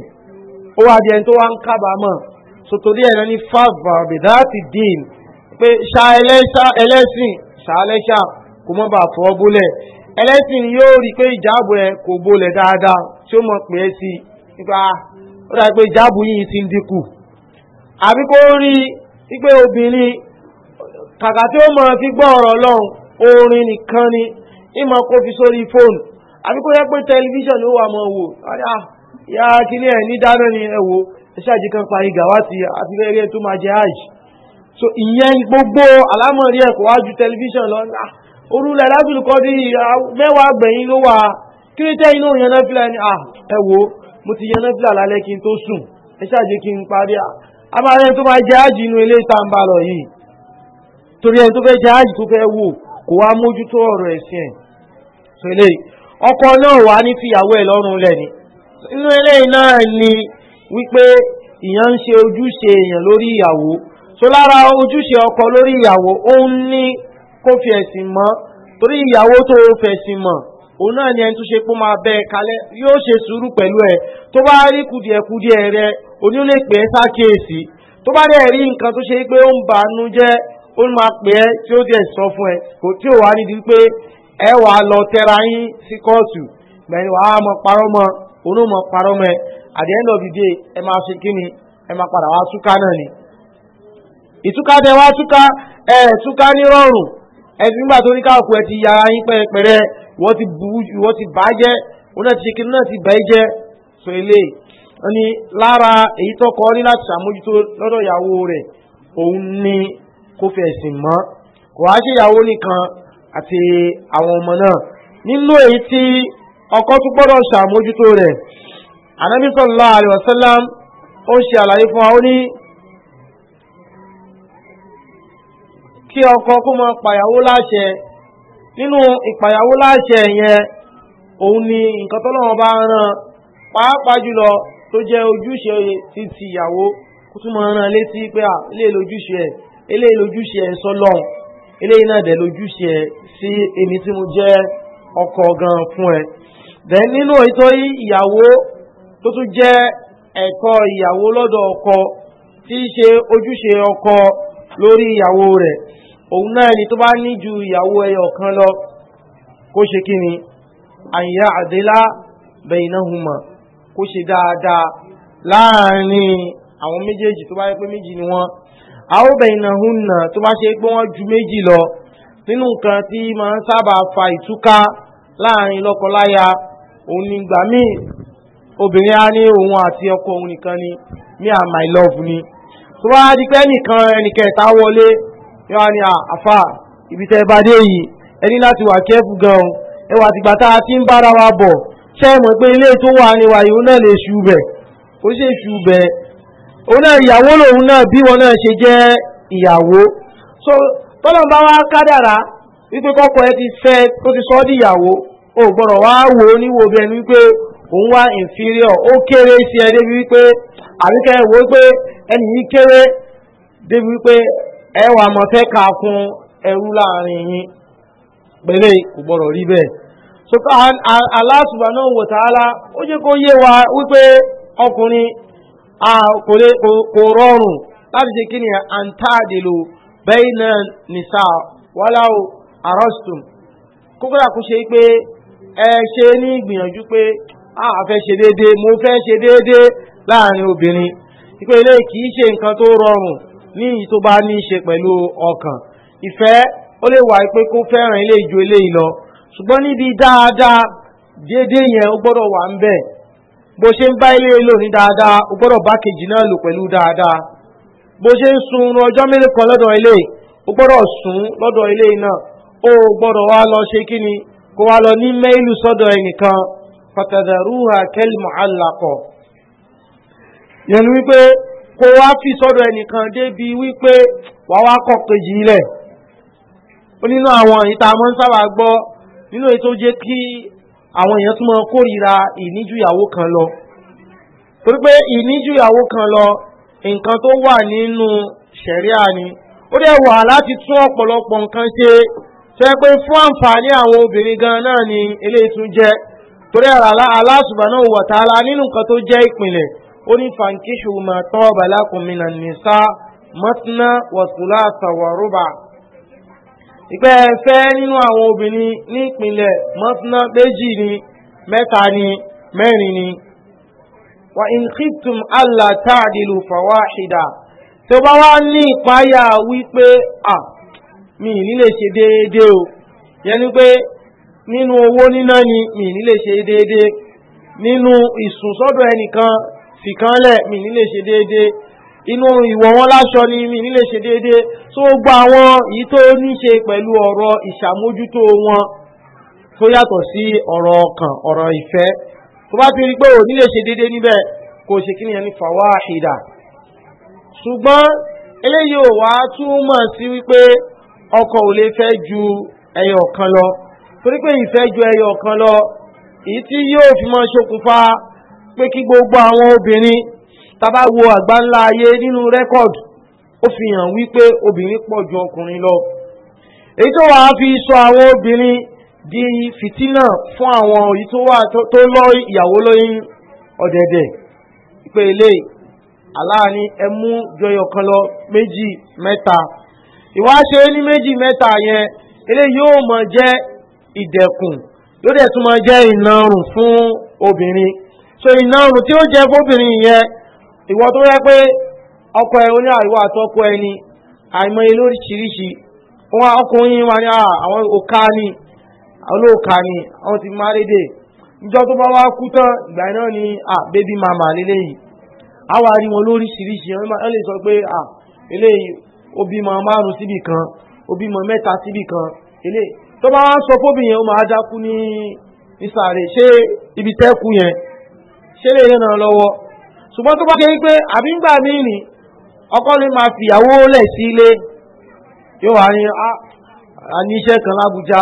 Speaker 1: ó wá di ẹni tó wá ń kábàámọ̀ sotori ẹ̀rọ ní fàvà bìdáàtì dín pé ṣá ẹlẹ́sìn ṣá ẹlẹ́ṣà kò mọ́ bá fọ́ bólẹ̀ ẹlẹ́sìn yóò rí pé ìjáàbù ẹ kò bólẹ̀ dáadáa tí ó mọ̀ pé ẹ sí nípa ó dàbí pé ìjáàbù yìí ti ń dínkù àbí kó rí pé obìnrin kàkà tí ó máa fi gbọ́ ọ̀rọ̀ lọ́hùn orin nìkan ni ìmọ̀ kó fi sórí fóònù àbí kó yẹ pé tẹlifíṣàn ló wà mọ́ wò ya kíní ẹ̀ ní dáná ni ẹ wò iṣẹ́ àjíkan parí gàwátì àti rẹ́rẹ́ tó máa jẹ àjì so ìyẹn gbogbo àlámọ̀rí ẹ̀kọ́ wájú tẹlifíṣàn lọ orúlẹ̀ lábìlú kọ́ ní mẹ́wàá gbẹ̀yìn ló wà kírísẹ́ inú ìyẹnà fìlà ni ẹ wò mo ti yẹnà fìlà lálẹ́ kí n tó sùn iṣẹ́ àjíkan parí àbárẹ́ tó máa jẹ àjì inú ilé ìtàǹbà lọ yìí torí ẹni tó fẹ́ jẹ́ ààyè tó fẹ́ wò kò wá mójútó ọ̀rọ̀ ẹ̀sìn ẹ̀ so eléyìí ọkọ náà wà ní fìyàwó ẹ̀ lọ́rùn lẹ̀ ni inú eléyìí náà ni wípé ìyàn ń ṣe ojúṣe èèyàn lórí ìyàwó so lára ojúṣe ọkọ lórí ìyàwó òun ní kó fi ẹ̀sìn mọ́ torí ìyàwó tó fẹ̀sìn mọ́ òun náà ni ẹni tó ṣe pé máa bẹ ẹ kalẹ̀ yóò ṣe sùúrù pẹ̀lú ẹ tó bá rí kùdìẹ̀kudìẹ̀ rẹ oní ó lè pè tó bá dẹ̀ rí nǹkan tó ṣe pé ó ń bànú jẹ́ ó máa pè ẹ́ tí ó dẹ̀ sọ fún ẹ kò tí ò wá rí di pé ẹ wà lọ tẹ́ra yín sí kóòtù gbẹ̀yìn wàá mọ parọ́ mọ òun mọ parọ́ mọ ẹ at the end of the day ẹ máa ṣe kí ni ẹ máa padà wá ni. ìtúká tẹ wá túká ẹ túká ní rọrùn ẹsìn nígbà tó ní káàkó ẹ ti yára yín pẹ́ẹ́pẹ́rẹ́ wọ́n ti bù wọ́n ti bà jẹ́ náà ti náà ti jẹ́ sọ ni kó fẹ́ ẹ̀sìn mọ́ kò wá ṣe ìyàwó nìkan àti àwọn ọmọ náà nínú èyí tí ọkọ tún gbọ́dọ̀ ṣàmójútó rẹ̀ anabi sallallahu alayhi wa sallam ó ṣe àlàyé fún wa ó ní kí ọkọ kó máa pàyàwó láṣẹ nínú ìpàyàwó láṣẹ yẹn òun ni nǹkan tọ́lọ́wọ́n bá rán pàápàá jùlọ tó jẹ́ ojúṣe títí ìyàwó kó tún máa rán létí pé à lè lójúṣe ẹ̀ eléyìí lójúṣe ẹ̀ sọ́lọ́run eléyìí náà dẹ̀ lójúṣe ẹ̀ sí èmi tí mo jẹ́ ọkọ gan fún ẹ. dẹ̀ nínú ìtọ́rí ìyàwó tó tún jẹ́ ẹ̀kọ́ ìyàwó lọ́dọ̀ ọkọ tí í ṣe ojúṣe ọkọ lórí ìyàwó rẹ̀ òun náà ni tó bá ní ju ìyàwó ẹyọ kan lọ kó ṣe kí ni àyà àdélá bainahuma kó ṣe dáadáa láàárín àwọn méjèèjì tó bá yẹ pé méjì ni wọ́n àwòbẹ̀ ìnàhúnà tó bá ṣe pé wọ́n ju méjì lọ nínú nǹkan tí máa ń sábà fa ìtúká láàrin lọ́kọláya òun ní ìgbà míì obìnrin á ní òun àti ọkọ òun nìkan ni me and my love ni tó bá di pé ẹnìkan ẹnìkẹta wọlé yóò ní àfà ibi tẹ́ bá dé yìí ẹni láti wà kẹ́ẹ̀fù gan-an ẹwà àtìgbà tá a ti ń bára wa bọ̀ ṣé mọ̀ pé ilé tó wà níwáyé òun náà lè ṣù ó ṣe ṣù òun náà ìyàwó lòun náà bí wọn náà ṣe jẹ ìyàwó so tọ́lọ́n wá kádàrá wípé kọ́kọ́ ẹ ti fẹ́ tó ti sọ́ dìyàwó o gbọ́dọ̀ wá wò wípé òun wá inferior ó kéré sí ẹ débi wípé àbíkẹ́ wò pé ẹnì kéré débi wípé ẹ wà mọ̀ fún ẹrú láàrin yín pẹ̀lẹ́ kò gbọ́dọ̀ rí so ó jẹ́ a kò rọrùn láti ṣe kí ni àǹtàdìlò bẹ́ẹ̀nà nìsà wàláwò àrọ́sùtùm kókó dà kó ṣe pé e ṣe ní pé a fẹ́ ṣe déédéé mo fẹ́ ṣe déédéé láàrin obìnrin ìpè ilé kì í ṣe nǹkan tó rọrùn ní tó bá ní pẹ̀lú ọkàn níbi dáadáa déédéé yẹn ó gbọ́dọ̀ wà ń bó ṣe ń bá ilé lò ní dáadáa o gbọ́dọ̀ bá kejì náà lò pẹ̀lú dáadáa bó ṣe ń sun ọjọ́ mélòó lọ́dọ̀ ilé o gbọ́dọ̀ lọ́dọ̀ ilé náà o gbọ́dọ̀ wá lọ ṣe kí ni kó wá lọ ní mẹ́ìlú sọ́dọ̀ ẹnìkan yẹnu wípé kó wá fi sọ́dọ̀ ẹnìkan débi wípé wá kejì ilẹ̀ nínú àwọn ìta mọ́ ń sábà gbọ́ nínú ètò àwọn èèyàn tún máa kórìíra ìníjú ìyàwó kan lọ torí pé ìníjú ìyàwó kan lọ nǹkan tó wà nínú ṣẹ̀ríà ni ó dẹ̀ wà láti tún ọ̀pọ̀lọpọ̀ nǹkan ṣe ṣe pé fún àǹfààní àwọn obìnrin gan náà ni eléyìí tún jẹ́ torí Allah subhanahu wa ta'ala nínú nǹkan tó jẹ́ ìpìlẹ̀ ó ní fankihu ma taba lakum minan nisa matna wa thulatha wa ìpẹ́ fẹ́ nínú àwọn obìnrin ní ìpínlẹ̀ mọ́tíná méjì ni mẹ́ta ni mẹ́rin ni wà in khiftum alla ta'dilu fawahida tí ó bá wá ní ìpáyà wípé à mi ní lè ṣe déédéé o yẹn pé nínú owó níná ni mi ní lè ṣe déédéé nínú ìsùn ẹnìkan fìkanlẹ̀ mi ní lè ṣe déédéé inú ìwọ̀ wọn láṣọ ni mi nílé ṣe déédéé tó gba àwọn èyí tó ní ṣe pẹ̀lú ọ̀rọ̀ ìṣàmójútó wọn tó yàtọ̀ sí ọ̀rọ̀ ọkàn ọ̀rọ̀ ìfẹ́ tó bá ti rí pé ò nílé ṣe déédéé níbẹ̀ kò ṣe kí nìyẹn ní fawahida ṣùgbọ́n eléyìí ò wá túmọ̀ sí wípé ọkọ ò lè fẹ́ ju ẹyọ kan lọ torí pé ìfẹ́ ju ẹyọ kan lọ èyí tí yóò fi máa ṣokùnfà pé kí gbogbo àwọn obìnrin tàbá wo àgbáńlá ayé nínú rẹ́kọ̀dù ó fi hàn wípé obìnrin pọ̀ ju ọkùnrin lọ èyí tó wàá fi sọ àwọn obìnrin di fìtínà fún àwọn èyí tó wà tó lọ ìyàwó lóyún ọ̀dẹ̀dẹ̀ pé eléyìí aláàní ẹmú jọyọ kan lọ méjì mẹ́ta ìwáṣe ní méjì mẹ́ta yẹn eléyìí yóò mọ jẹ́ ìdẹ̀kùn ló dẹ̀ tún mọ jẹ́ ìnarùn fún obìnrin so ìnarùn tí ó jẹ́ fóbìnrin yẹn ìwọ tó yẹ pé ọkọ ẹ oní àríwá àtọkọ ẹni àìmọye lóríṣiríṣi wọn ọkùnrin wa ni ah, àwọn òka ni olóòka ni àwọn ti máa rédè ìjọ tó bá wá kú tán ìgbà náà ni à ah, bébí màmá lélẹyìí àwa rí wọn lóríṣiríṣi wọn lè sọ pé à ah, eléyìí ó bímọ márùn síbì kan ó bímọ mẹ́ta síbì kan eléyìí tó bá wá sọ fóbìyàn ó máa dákú ní ìsàrè ṣé ibi tẹ́kù yẹn ṣé lè rẹ́nà lọ́wọ́ ṣùgbọ́n tó bá jẹ́ wípé àbí ń gbà mí nì ọkọ lè máa fìyàwó lẹ̀ sí ilé yóò wá ní ah, a ní iṣẹ́ kan lábújá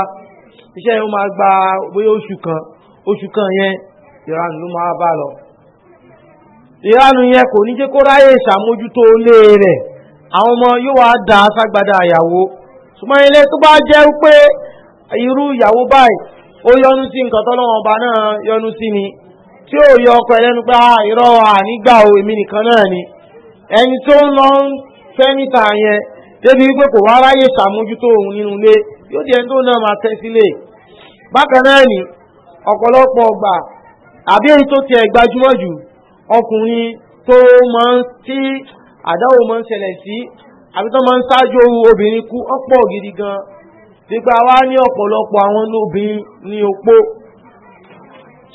Speaker 1: iṣẹ́ yóò máa gba bóyá oṣù kan oṣù kan yẹn ìranù ló máa bá lọ ìranù yẹn kò ní jẹ́ kó ráyè ṣàmójútó ilé rẹ̀ àwọn ọmọ yóò wá dà á ìyàwó ṣùgbọ́n ilé tó bá jẹ́ pé irú ìyàwó báyìí ó yọnu sí nǹkan tọ́lọ́wọ́n ọba náà yọnu sí ni tí ó yọ ọkọ ẹlẹ́nu pé ah, a irọ́ ànígbà o èmi nìkan náà ni ẹni tó ń lọ ń fẹ́ níta yẹn débi wípé kò wá ráyè ṣàmójútó òun nínú ilé yóò di ẹni tó náà máa tẹ́ sílé bákan náà ni ọ̀pọ̀lọpọ̀ ọgbà àbí èyí tó tiẹ̀ gbajúmọ̀ jù ọkùnrin tó máa ń tí àdáwò máa ń ṣẹlẹ̀ sí àbí tó máa ń ṣáájú ohun obìnrin kú ọ̀pọ̀ gidi gan-an wá ní ọ̀pọ̀lọpọ̀ àwọn obìnrin ní opó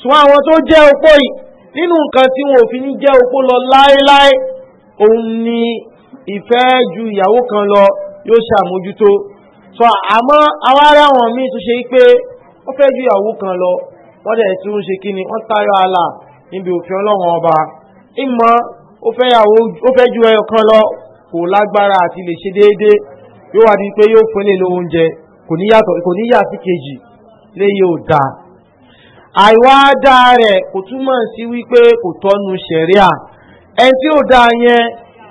Speaker 1: sùn àwọn tó jẹ́ opó yìí nínú nǹkan tí wọn ò fi ní jẹ́ opó lọ láéláé òun ni ìfẹ́ ju ìyàwó kan lọ yóò ṣàmójútó sọ àmọ́ àwọn ará wọn míì tó ṣe pé wọ́n fẹ́ ju ìyàwó kan lọ wọ́n dẹ̀ tún ṣe kí ni wọ́n tayọ ààlà níbi òfin ọlọ́run ọba ìmọ̀ ó fẹ́ ju ẹyọ kan lọ kò lágbára àti lè ṣe déédéé yóò wá di pé yóò fún ilé lóúnjẹ kò ní yà sí kejì lé yóò dáa àìwá dáa rẹ̀ kò túmọ̀ sí wípé kò tọ́nu ṣẹ̀ríà ẹni tí ó dáa yẹn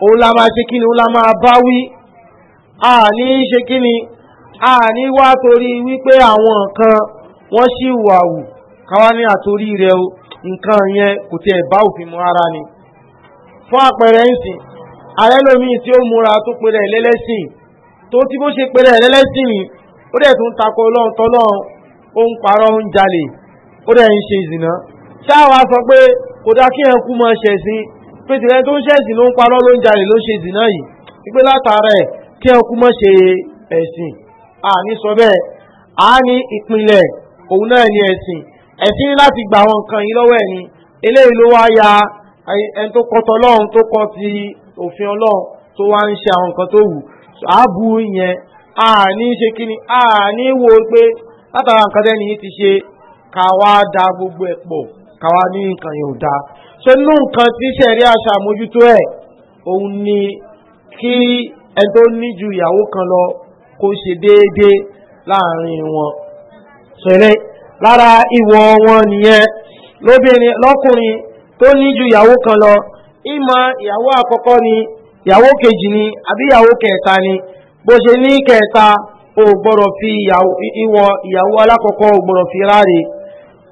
Speaker 1: òun la máa ṣe kíni òun la máa bá wí a ní ṣe kíni a ní wá torí wípé àwọn nǹkan wọ́n sì wà wù káwá ní àtorí rẹ̀ o nǹkan yẹn kò tiẹ̀ bá òfin mu ara ni fún àpẹẹrẹ ń sìn ààrẹ tí ó múra tó pèrè lẹ́lẹ́sìn tó tí bó ṣe pèrè lẹ́lẹ́sìn ni ó dẹ̀ tún takò ọlọ́run tọ́lọ́run ó ń parọ́ ń jalè ó dẹ̀ ń ṣe ìzìnà ṣáwa sọ pé kò dá kí ẹ̀kú mọ ṣẹ̀sìn pé tìrẹ tó ń ṣẹ̀sìn ló ń parọ́ ló ń jalè ló ń ṣe ìzìnà yìí wípé látara kí ẹ̀kú mọ ṣe ẹ̀sìn àní sọ bẹ́ẹ̀ àní ìpínlẹ̀ òun náà ni ẹ̀sìn ẹ̀sìn ní láti gba àwọn nǹkan yìí lọ́wọ́ ẹ̀ ni eléyìí ló wá ya ẹni tó kọtọ ọlọ́run tó kọ ti òfin ọlọ́run tó wá ń ṣe àwọn nǹkan tó wù àbú yẹn àní ṣe kíni àní wo pé látara nǹkan tẹ́ni yìí ti ṣe ká wá da gbogbo ẹ̀ pọ̀ ká wá ní nǹkan yóò da ṣé nínú nǹkan tí sẹ̀rí àṣà mójútó ẹ̀ òun ni kí ẹni tó ní ju ìyàwó kan lọ kó ṣe déédéé láàrin wọn ṣẹlẹ̀ lára ìwọ̀ wọn nìyẹn lóbìnrin lọ́kùnrin tó ní ju ìyàwó kan lọ ìmọ̀ ìyàwó àkọ́kọ́ ni ìyàwó kejì ni àbí ìyàwó kẹta ni bó ṣe ní kẹta ò gbọ́dọ̀ fi ìwọ̀ ìyàwó alákọ̀ọ́kọ́ ò gbọ́dọ̀ fi ráre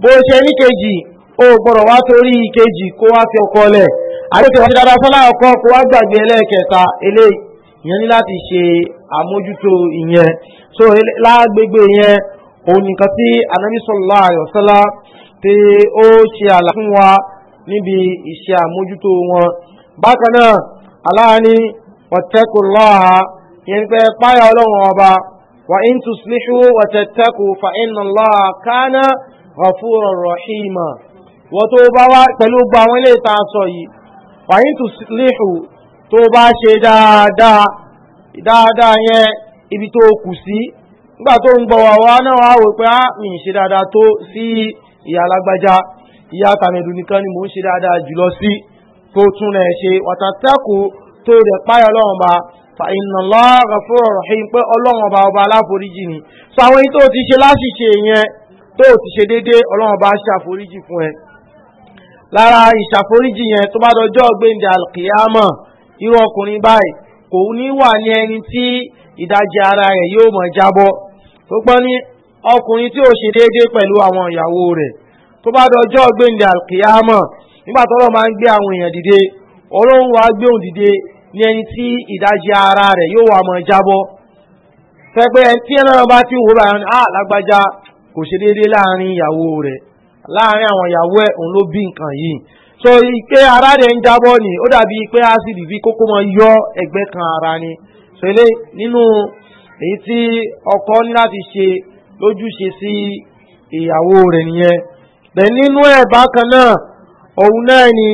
Speaker 1: bó ṣe ní kejì ó gbọ́dọ̀ wá torí kejì kó wá fi ọkọ lẹ̀ àdókè wá ti fọ́lá ọkọ kó wá gbàgbé ẹlẹ́ẹ̀kẹta eléyìí ìyẹn ní láti ṣe àmójútó ìyẹn so lágbègbè yẹn òun nìkan tí anabi sallallahu fún wa níbi ìṣe àmójútó wọn bákan náà yẹn pé páyà ọlọ́run ọba wa in wa fa ghafúrọ̀ rọ̀hìmà wọ́n tó bá wá pẹ̀lú gba àwọn ilé ìta sọ yìí wàyí tù sílẹ̀hù tó bá ṣe dáadáa dáadáa yẹn ibi tó kù sí nígbà tó ń gbọ́ wàwá náà wá wò pé á ah, mi ṣe dáadáa tó sí ìyá alágbájá ìyá tàmẹ̀dù nìkan ni mò ń ṣe dáadáa jùlọ sí tó tún rẹ̀ ṣe wàtàtàkù tó rẹ̀ páyọ̀ lọ́wọ́n ba fàìnà lọ́ọ́ ghafúrọ̀ rọ̀hìm pé ọlọ́wọ́n ba tó o ti ṣe déédéé ọlọ́run bá ṣàforíjì fún ẹ lára ìṣàforíjì yẹn tó bá dọjọ́ gbẹ̀ǹdà alkiyama irú ọkùnrin báyìí kò ní wà ní ẹni tí ìdajì ara rẹ̀ yóò mọ̀ jábọ́ tó pọ́n ní ọkùnrin tí ó ṣe déédé pẹ̀lú àwọn ìyàwó rẹ̀ tó bá dọjọ́ gbẹ̀ǹdà alkiyama nígbà tó lọ́ máa ń gbé àwọn èèyàn dìde ọlọ́run wa gbé òun dìde ní ẹni tí ìdajì ara rẹ̀ yóò wà mọ̀ jábọ́ fẹ́ pé ẹni tí ẹ náà bá ti wò báyìí ah lágbájá kò ṣe déédéé láàrin ìyàwó rẹ̀ láàrin àwọn ìyàwó ẹ̀ òun ló bí nǹkan yìí so ike ara rẹ̀ ń jábọ́ ni ó dàbí pé ásìdì bí kókó mọ yọ ẹgbẹ́ kan ara ni so ilé nínú èyí tí ọkọ ní láti ṣe lójúṣe sí ìyàwó rẹ̀ nìyẹn bẹ́ẹ̀ nínú ẹ̀ bákan náà òun náà ni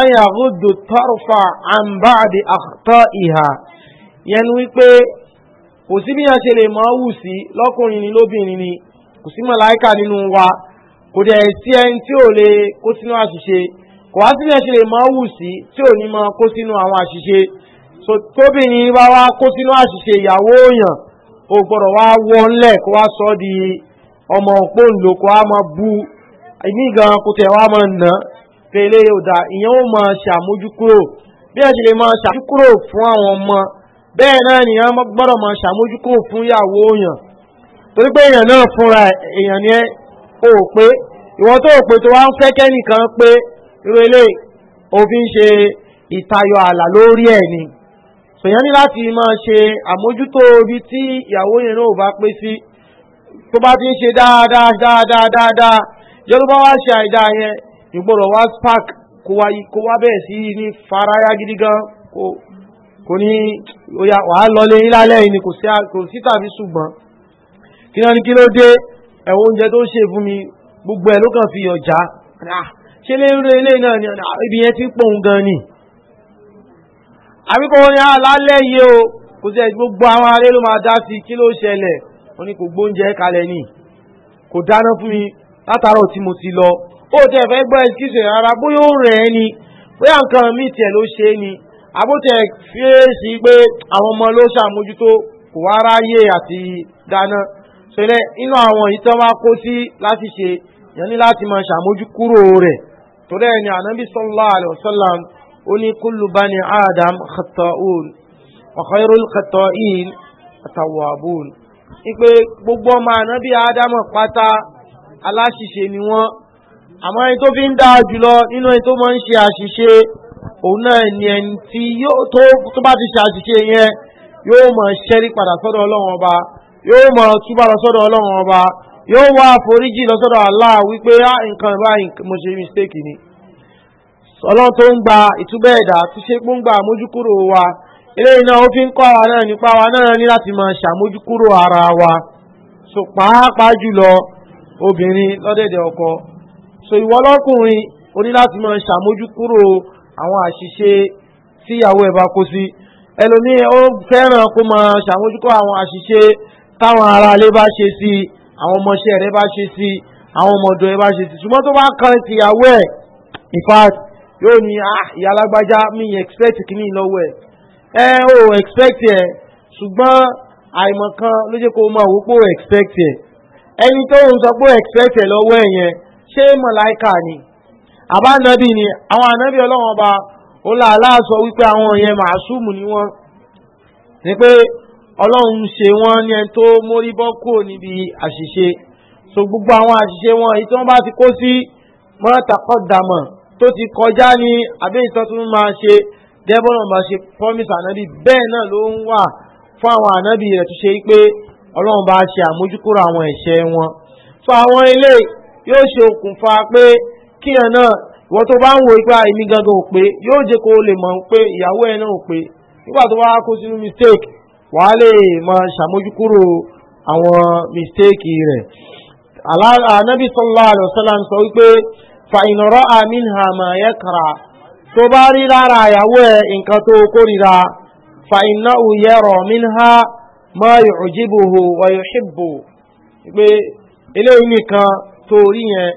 Speaker 1: ayàgòdò tọrọfà àǹbáàdì àtọ ìhà yẹn ni wípé kò sí bí ṣe lè mọ wù sí lọ́kùnrin ni lóbìnrin ni kò sí màláìkà nínú wa kò dẹ̀ sí ẹni tí ò lè kó sínú àṣìṣe kò wá síbi ẹṣin lè máa wù sí tí ò ní máa kó sínú àwọn àṣìṣe tóbìnrin bá wá kó sínú àṣìṣe ìyàwó òyàn ó gbọ́dọ̀ wá wọ́ ńlẹ̀ kó wá sọ di ọmọ òpóǹlò kó wá máa bu ìní gan kó tẹ̀ wá máa nà pé eléyìí ìyẹn ó máa ṣàmójúkúrò bí ẹ lè máa ṣàmójúkúrò fún àwọn ọmọ bẹ́ẹ̀ náà nìyẹn gbọ́dọ̀ máa ṣàmójúkúrò fún ìyàwó òyàn torí pé èèyàn náà fúnra èèyàn ni ẹ ò pé ìwọ́n tó pé tó wá ń fẹ́ kẹ́nìkan pé irú ilé òfin ṣe ìtayọ ààlà lórí ẹ̀ ni sòyàn ní láti máa ṣe àmójútó ibi tí ìyàwó yẹn náà bá pé sí tó bá ti ń ṣe dáadáa dáadáa dáadáa jẹ́ bá wá ṣe àìdá yẹn ìgbọ́dọ̀ wá spark kó wá bẹ̀rẹ̀ sí ní faraya gidi gan kò ní wàá lọlé yín yìí ni kò sí tàbí ṣùgbọ́n kí náà ní kí ló dé ẹ̀wọ̀ oúnjẹ tó ṣe fún mi gbogbo ẹ̀ ló kàn fi ọjà ṣe lérí ilé náà ni ibi yẹn ti ń pòun gan ni àbíkọ́ wọn ni alálẹ́ ah, yìí o kò sí gbogbo àwọn aré ló máa dá sí kí ló ṣẹlẹ̀ wọn ni kò gbóúnjẹ kalẹ̀ ni kò dáná fún mi látàárọ̀ tí mo ti lọ ó tẹ fẹ́ gbọ́ ẹ̀kíṣẹ̀ rárá bóyá ó rẹ̀ ẹ́ ni bóyá nǹkan mi tiẹ̀ ló ṣe é ni àbótẹ̀ fèsì pé àwọn ọmọ ló ṣàmójútó kò wá ráyè àti dáná ṣẹlẹ̀ inú àwọn yìí tó wá kó sí láti ṣe yẹn ní láti máa ṣàmójúkúrò rẹ̀ tó dẹ́ ni anabi sallallahu alaihi wasallam ó ní kullu bani adam khata'un wa khayrul khata'in atawabun ipe gbogbo ọmọ anabi adam pátá aláṣìṣe ni wọ́n àmọ́ ẹni tó fi ń dáa jùlọ nínú ẹni tó máa ń ṣe àṣìṣe òun náà ni ẹni tí tó bá ti ṣe àṣìṣe yẹn yóò máa ṣẹ́rí padà sọ́dọ̀ ọlọ́run ọba yóò mọ̀ túbà lọ́sọ́dọ̀ ọlọ́run ọba yóò wá àforíjì lọ́sọ́dọ̀ Allah wípé á ah, nǹkan bá mo ṣe mistake ni ọlọ́run tó ń gba ìtúbẹ̀ ẹ̀dá tó ṣe pé ń gba àmójúkúrò wa eléyìí náà ó fi ń kọ́ wa náà nípa wa náà ní láti máa ṣàmójúkúrò ara wa so pàápàá jùlọ obìnrin lọ́dẹ̀dẹ̀ ọkọ so ìwọ lọ́kùnrin o ní láti máa ṣàmójúkúrò àwọn àṣìṣe tí ìyàwó ẹ̀ bá kó sí ẹlòmíì ó fẹ́ràn kó máa ṣàmójúkúrò àwọn àṣìṣe táwọn ará ilé bá ṣe sí i àwọn ọmọọṣẹ́ rẹ bá ṣe sí i àwọn ọmọọdọ̀ rẹ bá ṣe sí i ṣùgbọ́n tó bá kan tìyàwó ẹ̀ in fact yóò ní ah, ìyá alágbájá mi expect kìíní lọ́wọ́ ẹ̀ ẹ ò expect ẹ̀ ṣùgbọ́n àìmọ̀kan ló jẹ́ kó o máa wò pé o expect ẹ̀ ẹni tó ń sọ pé o expect ẹ̀ lọ́wọ́ ẹ̀ yẹn ṣé mọ̀láìkà ni àbá ànábì ni àwọn ànábì ọlọ́wọ́n ọba ó là á láàsọ wípé àwọn yẹn màásùmù ni wọ́n ni pé ọlọ́run ṣe wọ́n ní ẹni tó mórí bọ́ kúrò níbi àṣìṣe so gbogbo àwọn àṣìṣe wọn èyí tí wọ́n bá ti kó sí mọ́tàkọ́dàmọ̀ tó ti kọjá ní àbẹ́yìí tó máa ṣe dẹ́bọ̀nà bá ṣe promise ànábì bẹ́ẹ̀ náà ló ń wà fún àwọn ànábì rẹ̀ tó ṣe pé ọlọ́run bá ṣe àmójúkúrò àwọn ẹ̀ṣẹ̀ wọn so àwọn ilé yóò ṣe okùnfà pé kíyàn náà ìwọ́n tó bá ń wo ipa èmi gangan ò pé yóò jẹ́ kó o lè mọ̀ pé ìyàwó ẹ̀ náà ò pé nígbà tó wá kó sínú mistake wàá lè máa ṣàmójúkúrò àwọn mistake rẹ̀ anabi sallallahu alayhi wa sallam sọ wípé fàìnàrọ́ àmìnhà mà yẹ kàrà tó bá rí lára àyàwó ẹ̀ nǹkan tó kórìíra fàìnà òyẹ̀rọ̀ mìnhà má yòòjìbòhò wàyòṣìbò pé eléyìí nìkan tó rí yẹn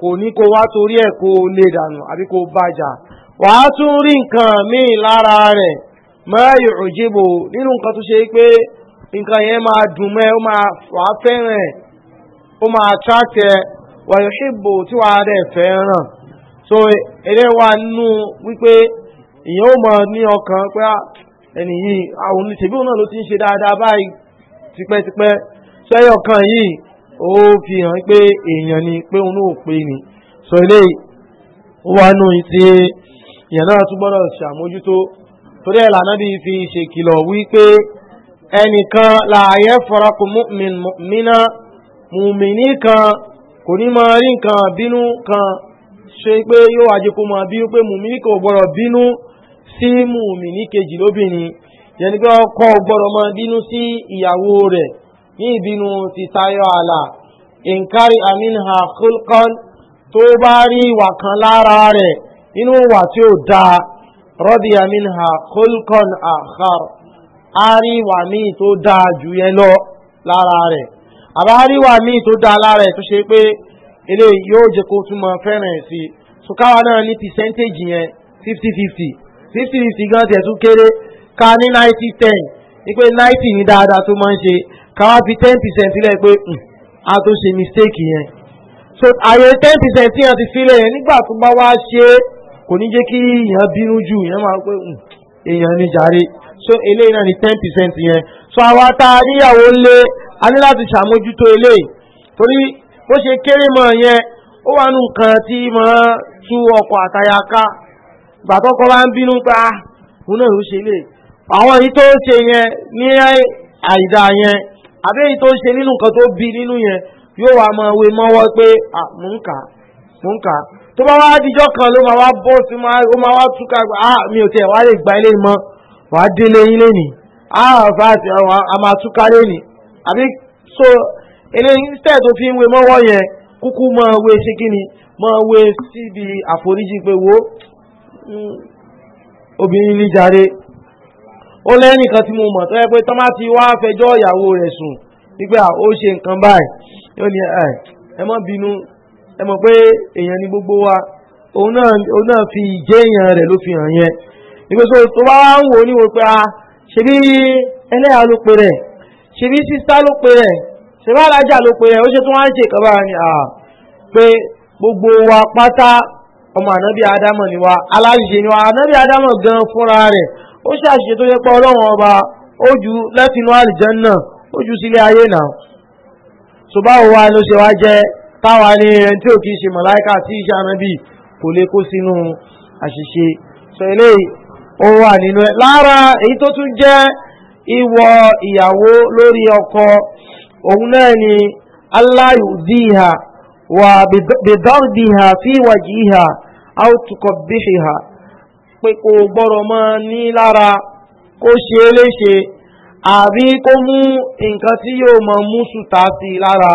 Speaker 1: kò ní kó wá torí ẹ̀ kó lè dànù àbí kó bàjá wàá tún rí nǹkan míì lára rẹ̀ máa yòrò jíbò nínú nǹkan tó ṣe pé nǹkan yẹn máa dùn ma ó máa wà á fẹ́ràn ó máa tráàtẹ̀ wàyò ṣìbò tí wàá rẹ̀ fẹ́ràn so eré wa nínú wípé ìyẹn ó mọ̀ ní ọkàn pé ah, ẹni yìí àwọn oníṣègbè náà ló ti ń ṣe dáadáa báyìí tipẹ́tipẹ́ sẹ́yọ̀ kan yìí ó fi hàn pé èèyàn ni pé òun náà pé so eléyìí ó wà nù tí èèyàn náà túbọ̀ ṣàmójútó. torí ẹ̀ lànà bíi fi ṣèkìlọ̀ wípé ẹnìkan láàyè fọ́rakù mìíràn mùmìnì kan kò ní máa rí nǹkan bínú kan ṣe pé yóò wájú kó máa bínú pé mùmìnì kò gbọ́dọ̀ bínú sí mùmìnì kejì lóbìnrin yẹn ni pé ọkọ gbọ́dọ̀ máa bínú sí ìyàwó rẹ̀ ní ìbínú ti tayọ àlà nkari aminha khulqan tó bá rí ìwà kan lára rẹ̀ nínú ìwà tí ó dáa. رضي منها خلقا آخر ari wà míì tó dáa jù yẹn lọ lára rẹ̀ àbá rí wà míì tó dáa lára rẹ̀ tó ṣe pé ilé yóò jẹ́ kó túmọ̀ fẹ́ràn ẹ̀ sí so káwa náà ní percentage yẹn fifty fifty fifty fifty gan tẹ̀ tún kéré ká ní ninety ten ní pé ninety ní dáadáa tó máa ń ṣe káwa fi ten percent sílẹ̀ pé hmm, a tó ṣe mistake yẹn so àyè ten percent yẹn ti sílẹ̀ yẹn nígbà tó bá wá ṣe é. kò ní jẹ́ kí èèyàn bínú jù èèyàn máa pé hmm, èèyàn ní jàre so eléyìí náà ni ten percent yẹn so àwa ta níyàwó lé a ní láti ṣàmójútó eléyìí torí bó ṣe kéré mọ́ yẹn ó wà nù nǹkan tí màá tú ọkọ̀ àtayá ká gbàtọ́kọ bá ń bínú pé ah òun náà ló ṣe lè àwọn èyí tó ṣe yẹn ní àìdá yẹn àbí èyí tó ṣe nínú nǹkan tó bí nínú yẹn yóò wá máa wé mọ́wọ́ pé ah, mò ń kà mò ń kà tó bá wá díjọ́ kan ló máa wá bọ́ sí ó máa wá túká ah mi ò tẹ̀ wá lè gba ilé mọ́ wàá délé yín lé ní ah fàásì a máa túká lé ní àbí so eléyìí stẹ́ẹ̀ tó fi ń we mọ́wọ́ yẹn kúkú máa we ṣe kí ni máa we síbi àforíjì pé wo obìnrin mm, ní jàre ó lẹ́nìkan tí mo mọ̀ tó yẹ pé tọ́má ti wá fẹjọ́ ìyàwó rẹ̀ sùn nígbà ah, ó ṣe nǹkan báyìí ó ní ah, ẹ mọ́ bínú ẹ mọ̀ pé èèyàn ni gbogbo wa òun náà fi ìjẹ́ èèyàn rẹ̀ ló fi hàn yẹn nígbà tó bá ń wò ní wọ́n pé a ah, ṣe bí ẹlẹ́yà ló pe rẹ̀ ṣe bí sísá ló pe rẹ̀ ṣe bá alájà ló pe rẹ̀ ó ṣe tó wá ń ṣe ìkọ́bá ni à pé gbogbo wa pátá ọmọ ànábì ádámọ̀ ni wa aláṣẹ ni wa ànábì ádámọ̀ gan fúnra rẹ̀ ó ṣàṣìṣe tó yẹ pé ọlọ́run ọba ó ju látinú àlìjẹ́ náà ó ju sílé ayé náà ṣùgbọ́n òwa ló ṣe wá jẹ́ táwa ní ẹni tí ò kìí ṣe mọ̀láíkà tí iṣẹ́ anábì kò lè kó sínú àṣìṣe sọ eléyìí ó wà nínú ẹ lára èyí tó tún jẹ́ ìwọ ìyàwó lórí ọkọ òun náà ni aláyùdíhà wà bìdọ́rdìhà fi wàjíhà áùtùkọ̀ bíhìhà pé kò gbọ́rọ̀ mọ́ ní lára kó ṣe é àbí kó mú nǹkan tí yóò mọ̀ mú sùtà sí lára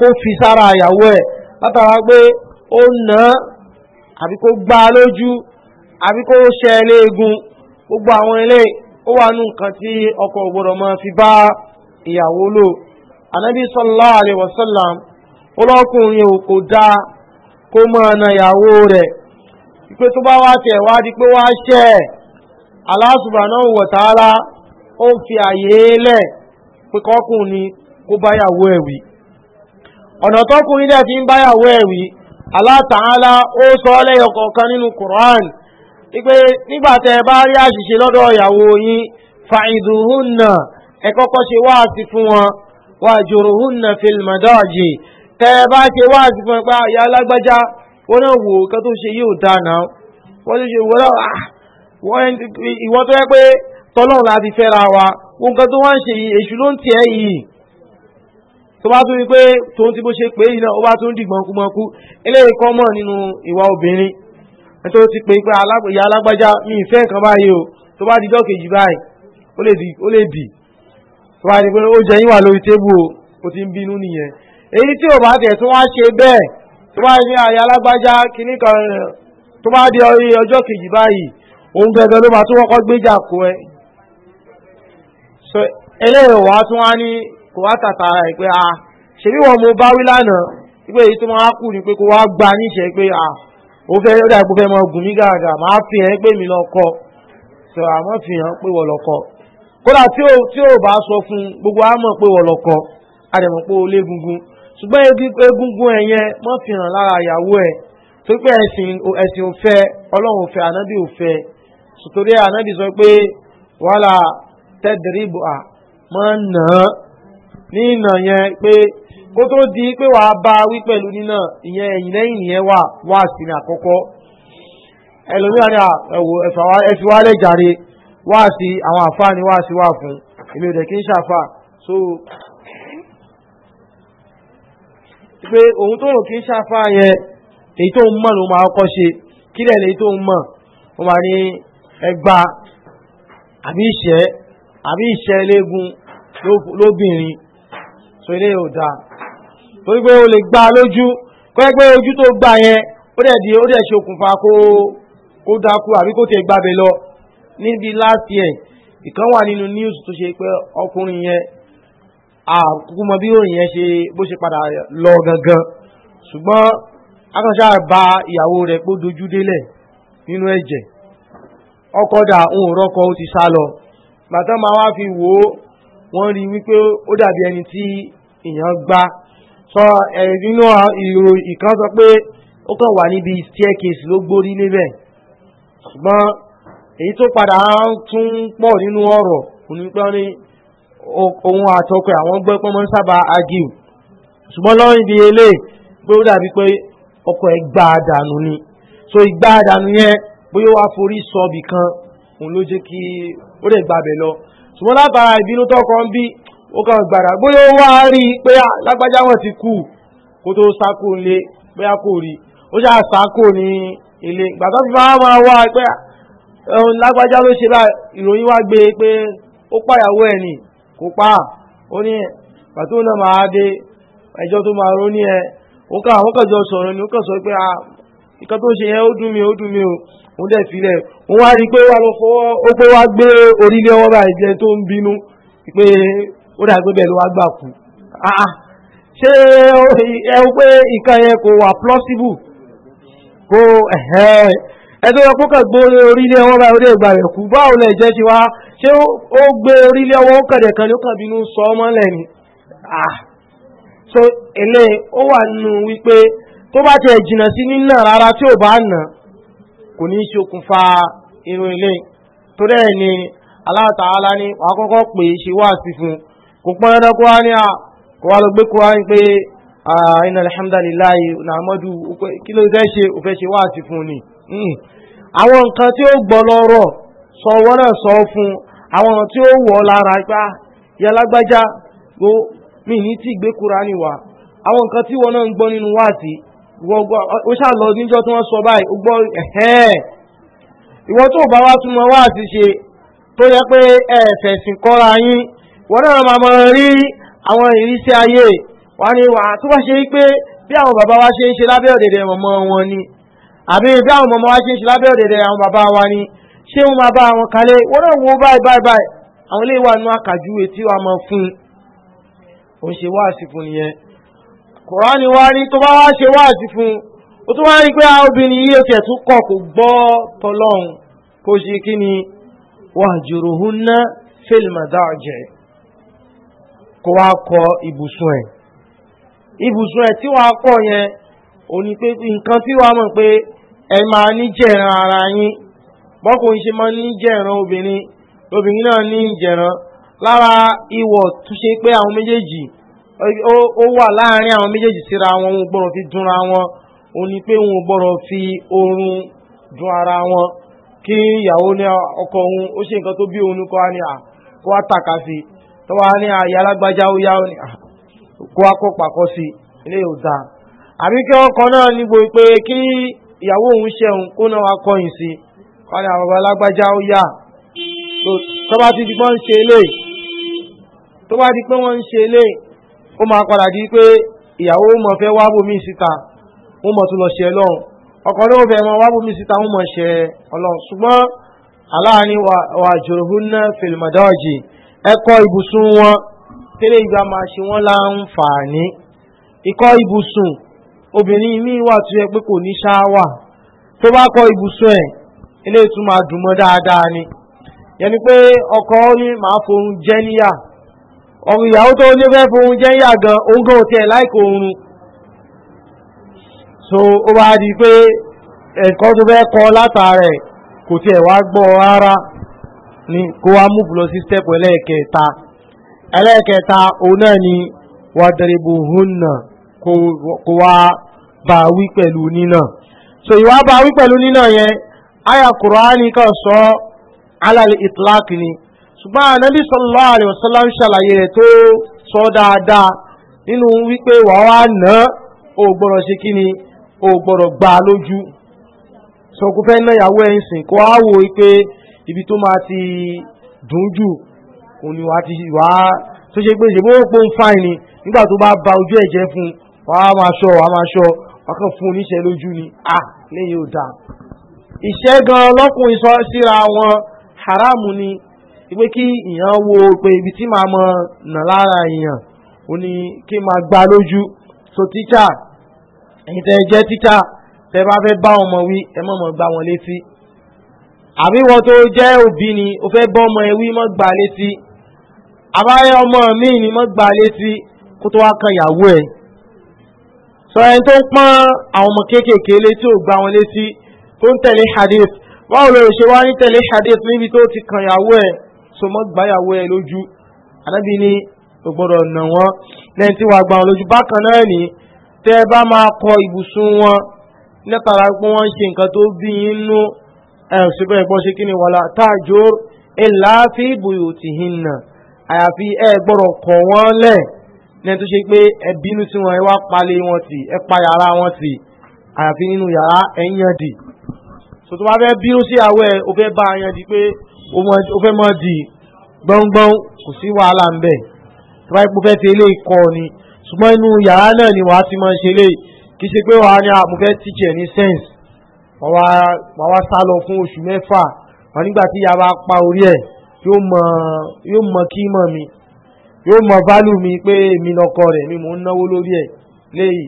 Speaker 1: kó fi sára àyàwó ẹ̀ látara pé ó nà á àbí kó gbá a lójú àbí kó ṣe ẹ gbogbo àwọn ilé ó wà nù nǹkan tí ọkọ ògbọ́dọ̀ máa fi bá ìyàwó lò ànábì sallallahu alaihi wasallam ọlọ́kùnrin ò kò dáa kó máa na ìyàwó rẹ̀ ìpé tó bá wá tẹ̀ wá di pé wá ṣẹ́ ẹ̀ Allah subhanahu wa ta'ala ó fi àyè lẹ̀ pé kọ́kùnrin kó bá ìyàwó ẹ̀ wí ọ̀nà tọ́kùnrin dẹ̀ fi ń báyàwó ẹ̀wì Allah Ta'ala ó sọ lẹ́yọ kọ̀ọ̀kan nínú Qur'an wípé nígbàtẹ̀ bá rí àṣìṣe lọ́dọ̀ ìyàwó yín fa'idhuhunna ẹ kọ́kọ́ ṣe wáàsí fún wọn wahjuruhunna fil madaji tẹ́ bá ṣe wáàsí fún ẹ̀pá ah, ìyá alágbájá ó náà wò ó kẹ́ tó ṣe yìí tó bá tún rí pé tóun ti bó ṣe pé iná ó bá tún dì gbọ̀nkúgbọ̀nkú eléyìí kọ́ mọ̀ nínú ìwà obìnrin nítorí ti pé pé ìyá alágbájá mi ìfẹ́ nǹkan báyìí o tó bá dijọ́ kejì báyìí ó lè dì tó bá di pé ó jẹ yín wà lórí tébù o ó ti ń bínú nìyẹn èyí tí ò bá tẹ̀ tó wá ṣe bẹ́ẹ̀ tó bá ní àyà alágbájá kìíní kan tó bá di ọjọ́ kejì báyìí òun gẹ́gẹ́ ló máa tún kọ́kọ́ gbéjà kó ẹ kò wá tàtà ara ẹ̀ pé a ah, ṣèbí wọn mo bá wí lánàá pé èyí tó máa kù ni pé kó wá gba níṣẹ́ pé a ah, ó fẹ́ ó dàgbò fẹ́ máa gùn mí gàgà máa fi hàn pé mi lọ kọ sọ àmọ́ fi hàn pé wọ́n lọ kọ kódà tí ò tí ò bá sọ fún gbogbo á mọ̀ pé wọ́n lọ kọ a dẹ̀ mọ̀ pé ó légungun ṣùgbọ́n egungun ẹ̀ yẹn mọ́ fi hàn lára ìyàwó ẹ̀ tó pé ẹ̀sìn ẹ̀sìn òfẹ́ ọlọ́run òfẹ́ ànábì òfẹ́ sùtòrí ànábì sọ pé wàhálà tẹ́dìrìbù à máa ń nà án ní ìnà yẹn pé kó tó di pé wà á bá wí pẹ̀lú nínà ìyẹn ẹ̀yìn lẹ́yìn yẹn wà wá sí ní àkọ́kọ́ ẹlòmíà ni ẹ̀wò ẹ̀fà wa wa lè jàre wá sí àwọn àfáà ni wá sí wà fún èmi ò dẹ̀ kí ń ṣàfà so pé òun tó rò kí ń ṣàfà yẹn èyí tó ń mọ̀ ló máa kọ́ ṣe kí lẹ̀ lèyí tó ń mọ̀ ó máa ní ẹgbà àbí ìṣẹ́ àbí ìṣẹ́ eléegun so ilé yóò dáa torí pé o lè gbá lójú kọ́ ẹ pé ojú tó gbà yẹn ó dẹ̀ di ó dẹ̀ ṣe okùnfà kó kó dákú àbí kó tẹ̀ gbàbẹ̀ lọ níbi last year ìkan wà nínú news tó ṣe pé ọkùnrin yẹn àkókò mọ bí òrìn yẹn ṣe bó ṣe padà lọ gangan ṣùgbọ́n akọ́ṣà bá ìyàwó rẹ̀ pé ó dojú délẹ̀ nínú ẹ̀jẹ̀ ọkọ̀ dà ń rọ́kọ̀ ó ti sá lọ bàtà máa wá fi wò ó wọ́n rí wípé ó dàbí ẹni tí èèyàn gbá sọ eh, nínú ìrò ìkan sọ pé ó kàn wà níbi staircase ló gbórí lébẹ̀ ṣùgbọ́n èyí tó padà tún pọ̀ nínú ọ̀rọ̀ onípẹ́ ní ohun àtọkọ àwọn gbọ́ pé wọ́n sábà argue ṣùgbọ́n lọ́rùn ìdí elé pé ó dàbí pé ọkọ̀ ẹ̀ gbá àdànù ni so ìgbá àdànù yẹn bóyá wàá forí sọ ibì kan òun ló jẹ́ kí ó dẹ̀ gbàbẹ̀ lọ ṣùgbọ́n látara ìbínú tọkọ ń bí ó kàn gbàrà bóyá ó wá rí i pé lágbájá wọn ti kú kó tó sáko nílé bóyá kò rí ó ṣáà sáko ní ilé ìgbà tó fi máa wá pé ẹ̀hún lágbájá ló ṣe bá ìròyìn wá gbé pé ó pàyàwó ni ó kàn sọ pé tó ṣe yẹn ó dùn mí ó o òun dẹ̀ filẹ̀ ó dà gbé bẹ́ẹ̀ ló wá gbà ah, ah. o pé nǹkan yẹn kò wà plausible kò ẹ̀dọ́ ẹ̀kọ́ kan gbé orílẹ̀ ọwọ́ báyìí ó dé ìgbà rẹ̀ kú báwo lẹ̀ jẹ́ ti wá ṣé ó gbé orílẹ̀ ọwọ́ ó ah. so ele ó wà nù wípé tó bá sí nínà rárá tí ò bá nà kò ní í ṣokùnfà irun ilé tó ni ni wàá kọ́kọ́ pè é fún kò pọ́n dandan kó wá ní à kó wá lọ iná alhamdulilayi kí ló fẹ́ ṣe òfẹ́ ṣe wá sí fún ni. Hmm. àwọn nǹkan tí ó gbọ́ lọ́rọ̀ sọ wọ́n náà sọ fún àwọn tí ó wọ̀ lára ipá yàlágbájá mi ní tí ni àwọn nǹkan tí náà ń nínú wá sí ó ṣáà lọ báyìí ó gbọ́ tó bá wá túnmọ̀ wá sí ṣe tó yẹ wọ́n náà máa máa rí àwọn ìrísí ayé wà ní wà tó wá ṣe pé bí àwọn bàbá wa ṣe ń ṣe lábẹ́ òdèdè mọ̀mọ́ wọn ni àbí bí àwọn mọ̀mọ́ wa ṣe ń ṣe lábẹ́ òdèdè àwọn bàbá wa ni ṣé wọ́n máa bá àwọn kalẹ̀ wọ́n náà wo báyìí báyìí àwọn ilé ìwà nù àkàjú etí wa máa fún un ṣe wáàsí fún nìyẹn kùránì wá rí tó bá wá ṣe wáàsí fún ó tó wá rí pé obìnrin yìí ó tún kọ̀ kò gbọ́ tọlọ́hun kó ṣe kí ni wàjùrùhùn náà fèlmàdájẹ́ kó wá kọ ibùsùn ẹ̀ ibùsùn ẹ̀ tí wàá kọ yẹn òní pé nǹkan tí wàá mọ̀ pé ẹ máa ní jẹ̀ran ara yín bọ́kùnrin ṣe máa ní jẹ̀ran obìnrin obìnrin náà ní jẹ̀ran lára ìwọ̀ tó pé àwọn méjèèjì ó wà láàárín àwọn méjèèjì síra wọn wọn gbọ́dọ̀ fi dúnra wọn òní ní pé wọn gbọ́dọ̀ fi oorun dùn ara wọn kí ìyàwó ní ọkọ òun ó ṣe nǹkan tó bí òun kọ́ á à kó á tàka sí i. tọ́wọ́ á ní àyè ah, alágbájá ó yá ó ní ah, kó wá kó pàkọ́ sí ilé yóò da àbí kí ọkọ náà níbo pé kí ìyàwó òun ṣẹun kó náà wá kọyìn sí wọn ni àwọn ọba alágbájá ó yá tó bá ti di pé wọ́n ń ṣe eléyìí tó bá di pé wọ́n ń ṣe eléyìí ó máa padà di pé ìyàwó mọ̀ fẹ́ wá bomi síta wọ́n mọ̀ tún lọ ṣe lọ́hùn ọkọ náà fẹ́ mọ̀ wá bomi síta wọ́n mọ̀ ṣe ọlọ́hùn ṣùgbọ́n aláàánú wà jòròhún náà fèlè ẹ̀kọ́ ibùsùn wọn tẹ́lẹ̀ ìgbà máa ṣe wọ́n láǹfààní ikọ́ ibùsùn obìnrin ní ìwà tó yẹ pé kò ní ṣáwà tó bá kọ ibùsùn ẹ̀ ilé tún máa dùn mọ́ dáadáa ni yẹni pé ọkọ ní màá fohun jẹ́ níyà ọ̀rọ̀ ìyàwó tó ní fẹ́ fohun jẹ́ níyà gan òun gan òtí ẹ̀ láìkò oorun so ó bá di pé ẹ̀kọ́ tó fẹ́ kọ látàrẹ̀ kò tiẹ̀ wá gbọ́ rárá. Ni kó wá múfù lọ sí stẹ́pù ẹlẹ́ẹ̀kẹta ẹlẹ́ẹ̀kẹta òun ni wà dẹ̀rẹ̀bù hùnà kó wá bá wí pẹ̀lú nínà so ìwà bá wí pẹ̀lú nínà yẹn àyà sọ alàlẹ́ ìtìláàkì ni ṣùgbọ́n ànábì sallallahu alaihi ń ṣàlàyé sọ dáadáa nínú wípé wà wá ná ò gbọ́dọ̀ ṣe kí ni ò gbọ́dọ̀ gbà lójú sọkúfẹ́ náà yàwó ẹ̀ ń sìn ibi tó máa ti dùn jù òun ni wàá ti wá tó ṣe pé ṣe bó pò fáìn ni nígbà tó bá ba ojú ẹ̀jẹ̀ fún wàá máa ṣọ wàá máa ṣọ wàá kàn fún oníṣẹ́ lójú ni à lẹ́yìn ò dáa ìṣẹ́ gan lọ́kùnrin sọ síra wọn haramu ni pé kí èèyàn wo pé ibi tí màá mọ nà lára èèyàn ò ní kí máa gbá lójú so tíṣà ẹ̀yin tẹ́ ẹ jẹ́ tíṣà tẹ́ bá fẹ́ bá wọn wí ẹ mọ̀ mọ̀ gbá wọn létí àbí wọn tó jẹ́ òbí ni o fẹ́ bọ́ ọmọ ẹ wí mọ́ gbà létí àbáyé ọmọ mi ni mọ́ gbà létí kó tó wá kan ìyàwó ẹ̀ sọ ẹni tó ń pọ́n àwọn ọmọ kéékèèké létí ò gbà wọn létí tó ń tẹ̀lé hadith báwo ló ṣe wá ní tẹ̀lé hadith níbi tó ti kan ìyàwó ẹ̀ so mọ́ gbà ìyàwó ẹ̀ lójú ànábì ni kò gbọ́dọ̀ nà wọ́n lẹ́yìn tí wàá gbà wọn lójú bákan náà ni tẹ́ ẹ bá máa kọ ibùsùn wọn nípa pé wọ́n ń ṣe nǹkan tó bí yín nú Eh, ṣùgbọ́n ẹ̀gbọ́n ṣe kí ni wàlá táàjòr ńlá fi bùyò tì hin nà àyàfi ẹ gbọ́dọ̀ kọ̀ wọ́n lẹ̀ ní tó ṣe pé ẹ bínú sí wọn ẹ wá palẹ̀ wọn tì ẹ pa yàrá wọn tì àyàfi nínú yàrá ẹ ń yàn dì tòtò bá fẹ́ bínú sí àwọ̀ ẹ o fẹ́ bá a yàn dì pé o fẹ́ mọ́ dì gbọ́ngbọ́n kò sí wàhálà ń bẹ̀ tó bá ipò fẹ́ ti ilé ikọ̀ ni ṣùgbọ́n inú yàrá náà ni wàá ti máa ṣe lé kì í ṣe pé wàá ní àmúfẹ́ tíjẹ̀ ní sense wọ́n wá sá lọ fún oṣù mẹ́fà wọ́n nígbà tí ìyá bá pa orí ẹ̀ yóò mọ kí mọ̀ mi yóò mọ válù mi pé èmi lọkọ rẹ̀ mi mò ń náwó lórí ẹ̀ léyìí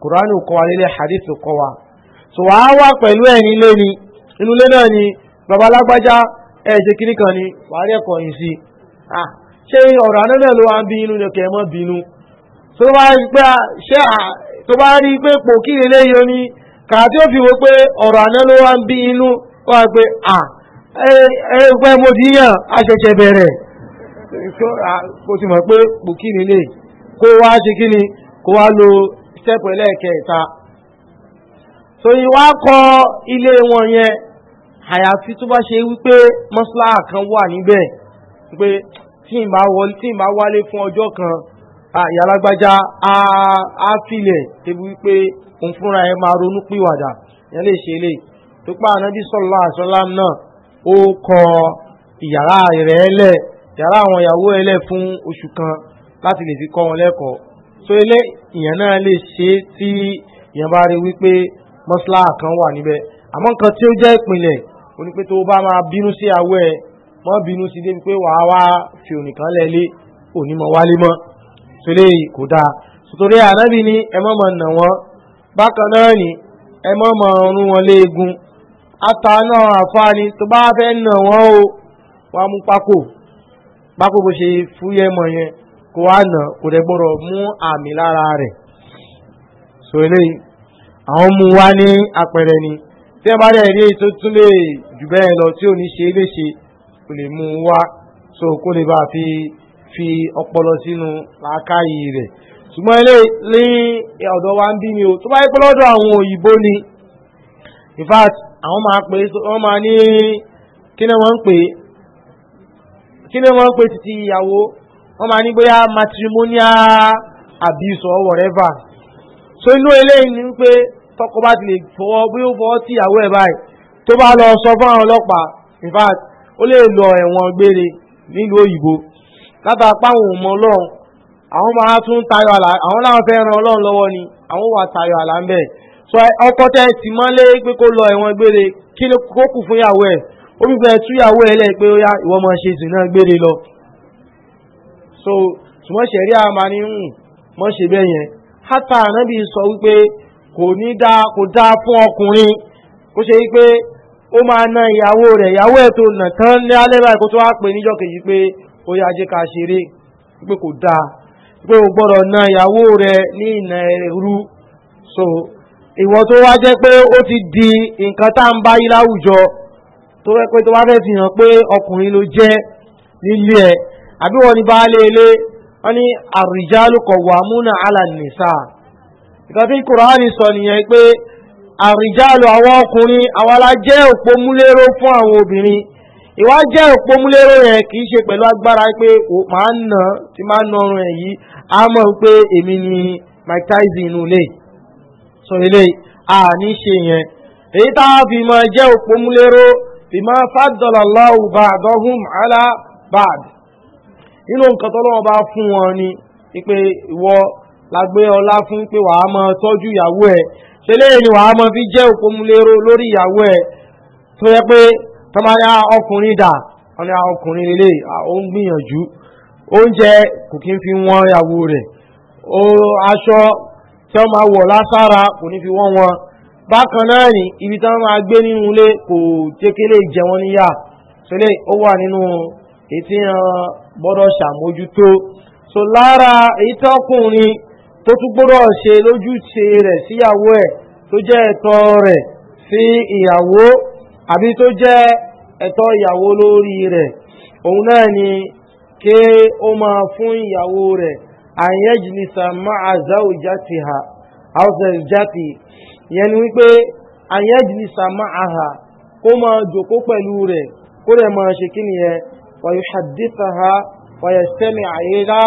Speaker 1: kùránì kọ́ wa lélẹ̀ hadith kọ́ wa so wàá wà pẹ̀lú ẹ̀ nílé ni inú ilé náà ni babalágbájá ẹ̀ ṣe kiri kan ni wàá rí ẹ̀kọ́ yìí sí ṣé ọ̀rọ̀ àná náà ló wá ń bí inú ni kẹ̀ mọ́ bínú tó bá rí pé pò kí lélẹ́yìn ó ní kàtí ó fi wo pé ọ̀rọ̀ àná ló wá ń bí inú wá pé à ẹgbẹ́ mo ti yàn àṣẹ̀ṣẹ̀ bẹ̀rẹ̀ kò sì mọ̀ pé kò kí ni lè kó wá ṣe kí ni kó wá lo stẹ́pù ẹlẹ́ẹ̀kẹta so ìwá kọ ilé wọn yẹn àyàfi tó bá ṣe wípé mọ́sálà kan wà níbẹ̀ pé tí n bá wálé fún ọjọ́ kan àyàlágbájá á filẹ̀ débi wípé òun fúnra ẹ máa ronú pìwàdà yẹn lè ṣe lè tó pa ànábì sọlá àṣọlá náà ó kọ ìyàrá rẹ̀ ẹlẹ̀ yàrá àwọn ìyàwó ẹlẹ̀ fún oṣù kan láti lè fi kọ́ wọn lẹ́kọ̀ọ́ so ilé ìyẹn náà lè ṣe tí ìyẹn bá rí wípé mọ́sálà kan wà níbẹ̀ àmọ́ nǹkan tí ó jẹ́ ìpìlẹ̀ ó pé tó bá máa bínú sí awẹ́ ẹ mọ́ bínú sí débi pé wàá wá fi ònìkan lẹ́lẹ́ onímọ̀ wálé mọ́ so eléyìí kò dáa sòtòrí ànábì ni ẹ mọ̀ mọ̀ nà wọ́n bákan náà ni ẹ mọ́ mọ́ ọ̀run wọn léegun àtàánà àfáàní tó bá fẹ́ nà wọ́n o wọ́n á mú pákó pákó bó ṣe fúyẹ́ mọ̀ yẹn kó wá nà kò dẹ̀ gbọ́dọ̀ mú àmì lára rẹ̀ sọ àwọn mú wá ní apẹ̀rẹ̀ ni tí ẹ bá dẹ̀ rí èyí tó tún lè jù bẹ́ẹ̀ lọ tí ò ní ṣe léṣe kò lè mú wá so kó lè bá fi fi ọpọlọ sínú làákàyè rẹ̀ ṣùgbọ́n ilé ní ọ̀dọ̀ wa ń bí ni o tó bá yẹ pé lọ́dọ̀ àwọn òyìnbó ni in fact àwọn máa pè wọ́n máa ní kí ni wọ́n ń pè kí ni wọ́n ń pè títí ìyàwó wọ́n máa ní bóyá matrimonial abuse or whatever so inú eléyìí ni pé tọkọ bá ti lè fọwọ́ bí ó fọwọ́ tí ìyàwó ẹ̀ báyìí tó bá lọ sọ fún àwọn ọlọ́pàá in fact ó lè lọ ẹ̀wọ̀n gbére nílùú òyìnbó látàpá àwọn ọmọ ọlọ́run àwọn máa tún tayọ àlà àwọn láwọn fẹ́ ran ọlọ́run lọ́wọ́ ni àwọn wà tayọ àlà ń bẹ̀ sọ ọkọ tẹ sì mọ́lé pé kó lọ ẹ̀wọ̀n gbére kí ló kó kù fún ìyàwó ẹ̀ ó fẹ́ tú ìyàwó ẹ̀ lẹ́ pé óyá ìwọ máa ṣe sùn náà gbére lọ so ṣùgbọ́n ṣẹ̀rí a máa ní hùn hmm, mọ́ ṣe bẹ́ẹ̀ yẹn hátà ànábì sọ wípé kò ní dá kò dá fún ọkùnrin kó ṣe wípé ó máa na ìyàwó rẹ̀ ìyàwó ẹ̀ tó nà tán ní alẹ́ báyìí kó tó wá pè níjọ́ kejì pé óyá jẹ́ ká ṣeré wípé kò dáa pé o na ìyàwó rẹ ní ìnà so iwọ tó wá jẹ́ pé ó ti di nǹkan tá ń bá yí láwùjọ tó wẹ́ pé tó wá fẹ́ fi hàn pé ọkùnrin ló jẹ́ nílé ẹ̀ àbí wọ́n ní baálé ilé wọ́n ní àrìjálù kọ̀wàmúnà alànìsà ìkan tí sọ nìyẹn pé àwọn ìwá jẹ́ òpómúlérò rẹ̀ kìí ṣe pẹ̀lú agbára pé màá nà tí máa nà ọrùn ẹ̀ yìí a mọ̀ pé èmi ni mike tyson inú ilé sọ ilé a ṣe yẹn èyí tá a fi mọ̀ jẹ́ òpómúlérò fi máa fàdọ̀lọ́lọ́ ọba àdọ́hùn àlá bad nínú nǹkan tó lọ́wọ́ bá fún wọn ni pé ìwọ lágbé ọlá fún pé wàá mọ tọ́jú ìyàwó ẹ̀ ṣe léyìn ni wàá mọ fi jẹ́ òpómúlérò lórí ìyàwó ẹ̀ tó yẹ pé tọ́mọ ya ah, ọkùnrin dà wọ́n ní ah, ọkùnrin lè ah, ó ń gbìyànjú oúnjẹ kò kí ń fi wọ́n ìyàwó rẹ̀ ó aṣọ tí wọ́n máa wọ̀ lására kò ní fi wọ́n wọn bákan náà ní ibi tí wọ́n máa gbé nínú ilé kò tékélé jẹ wọ́n níyà sílẹ̀ ó wà nínú ètí gbọ́dọ̀ ṣàmójútó so lára èyí tí ọkùnrin tó tún gbọ́dọ̀ ṣe lójúṣe rẹ̀ síyàwó ẹ̀ tó jẹ́ ẹ̀tọ́ rẹ̀ sí ìyàwó àbí tó jẹ́ ẹ̀tọ́ ìyàwó lórí rẹ̀ òun náà ni kí ó máa fún ìyàwó rẹ̀ àyẹ́jìlísà máa záwò játi ha hauses játi yẹn ni wípé àyẹ́jìlísà máa ha kó máa jòkó pẹ̀lú rẹ̀ kó rẹ̀ ma ṣe kí nìyẹn wàyí haditha ha wàyí sẹ́mi àyíká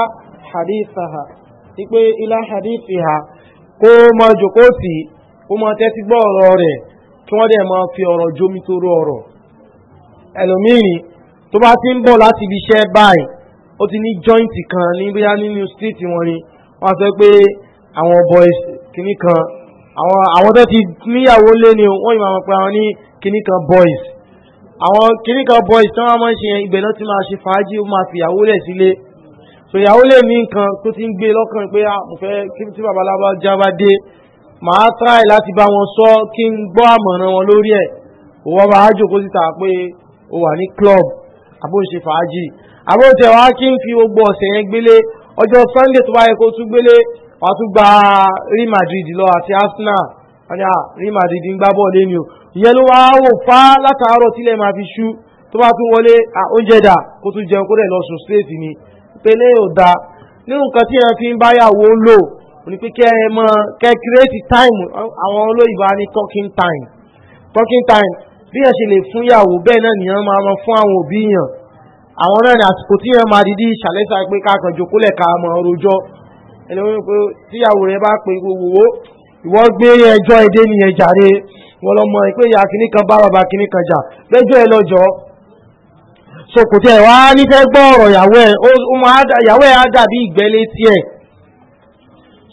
Speaker 1: haditha ha wípé ilá hadithi ha kó máa jòkó tì kó máa tẹ́tí gbọ́ ọ̀rọ̀ kí wọ́n dẹ̀ máa fi ọ̀rọ̀ jómi tó rọ ọ̀rọ̀ ẹlòmíràn tó bá ti ń bọ̀ láti ibi iṣẹ́ báyìí ó ti ní jọ́ìntì kan ní bóyá nínú stéètì wọn ni wọ́n sọ pé àwọn boys kìíní kan àwọn tó ti níyàwó lé ni wọ́n yìí máa pe àwọn ní kìíní kan boys àwọn kìíní kan boys tí wọ́n máa ń ṣe yẹn ibẹ̀ náà ti máa ṣe fàájì ó máa fi ìyàwó lẹ̀ sílé so ìyàwó lè ní nǹkan tó ti ń gbé lọ́kàn pé ah, mo fẹ́ kí tí babaláwa já bá dé màá tráì láti bá wọn sọ kí n gbọ́ àmọ̀ràn wọn lórí ẹ̀ òwò bá a jòkó síta pé o wà ní club àbóǹṣe fàájì àbóǹṣe wàá kí n fi gbogbo ọ̀sẹ̀ yẹn gbélé ọjọ́ sunday tó bá kó tún gbélé wàá tún gba real madrid lọ àti arsenal wọ́n real madrid ń gbá bọ́ọ̀lù èmi o ìyẹn ló wàá wò fá látàárọ̀ tílẹ̀ máa fi ṣú tó bá tún wọlé oúnjẹ dà kó tún jẹun kó dẹ̀ lọ sùn straight ni pélé ò da nínú nǹkan tí yẹn fi ń báyàwó lò ní pé kẹ́ ẹ mọ kẹ́ kírẹ́tì táìmù àwọn olóyìnbó á ní talking time talking time bí yẹn ṣe lè fún yàwó bẹ́ẹ̀ náà nìyẹn máa mọ fún àwọn òbí yàn àwọn náà ní àsìkò tí yẹn máa dídí ìṣàlẹ́sà pé káàkàn jòkólẹ̀ ká mọ ọrọ̀jọ́ ẹni wọ́n pé tíyàwó rẹ̀ bá pè wòwò ìwọ́ gbé ẹjọ́ èdè nìyẹn jàre wọ́n lọ mọ pé ìyá kìíní kan bá bàbá kìíní kan jà lẹ́jọ́ ẹ lọ́jọ́ so kò tẹ̀ wá nífẹ̀ẹ́ gbọ́ ọ̀rọ̀ yàwó ẹ̀ yàwó ẹ̀ á dàbí ìgbẹ́lé tiẹ̀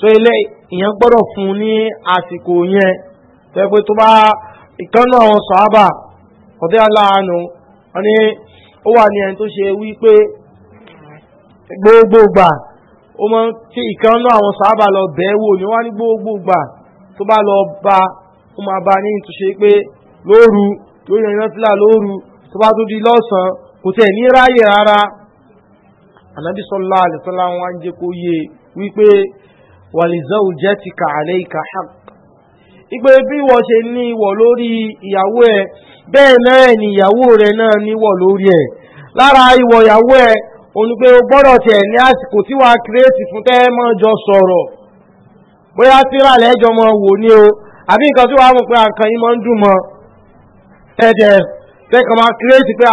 Speaker 1: so ilé ìyẹn gbọ́dọ̀ fún ní àsìkò yẹn tó yẹ pé tó bá ìkan náà wọn sọ́ábà ọ̀dẹ́ aláàánú wọn ni ó wà ní ẹni tó ṣe wí pé gbogbogbà ó mọ tí ìkan náà àwọn sọ́ábà lọ bẹ́ẹ̀ wò ni wọ́n ní gbogbogbà tó bá lọ bá ó máa bá ní tó ṣe pé lóru tó yẹ iná fílà lóru tó bá tó di lọ́sàn-án kò tẹ̀ ní ráyè rárá ànábì sallallahu alaihi wasallam ń jẹ́ kó yé wípé walizawjatika alayka haqq ìpè bí wọ́n ṣe ní ìwọ̀ lórí ìyàwó ẹ̀ bẹ́ẹ̀ náà ni ìyàwó rẹ̀ náà níwọ̀ lórí ẹ̀ lára ìwọ̀ ìyàwó ẹ̀ òun o gbọ́dọ̀ tẹ̀ ní àsìkò tí wàá kírètì fún jọ sọ̀rọ̀ bóyá lẹ́jọ́ mọ́ wò ní o àbí nǹkan tí wàá mọ̀ pé àǹkan yìí mọ́ ń dùn mọ́ ẹ̀jẹ̀ máa kírètì pé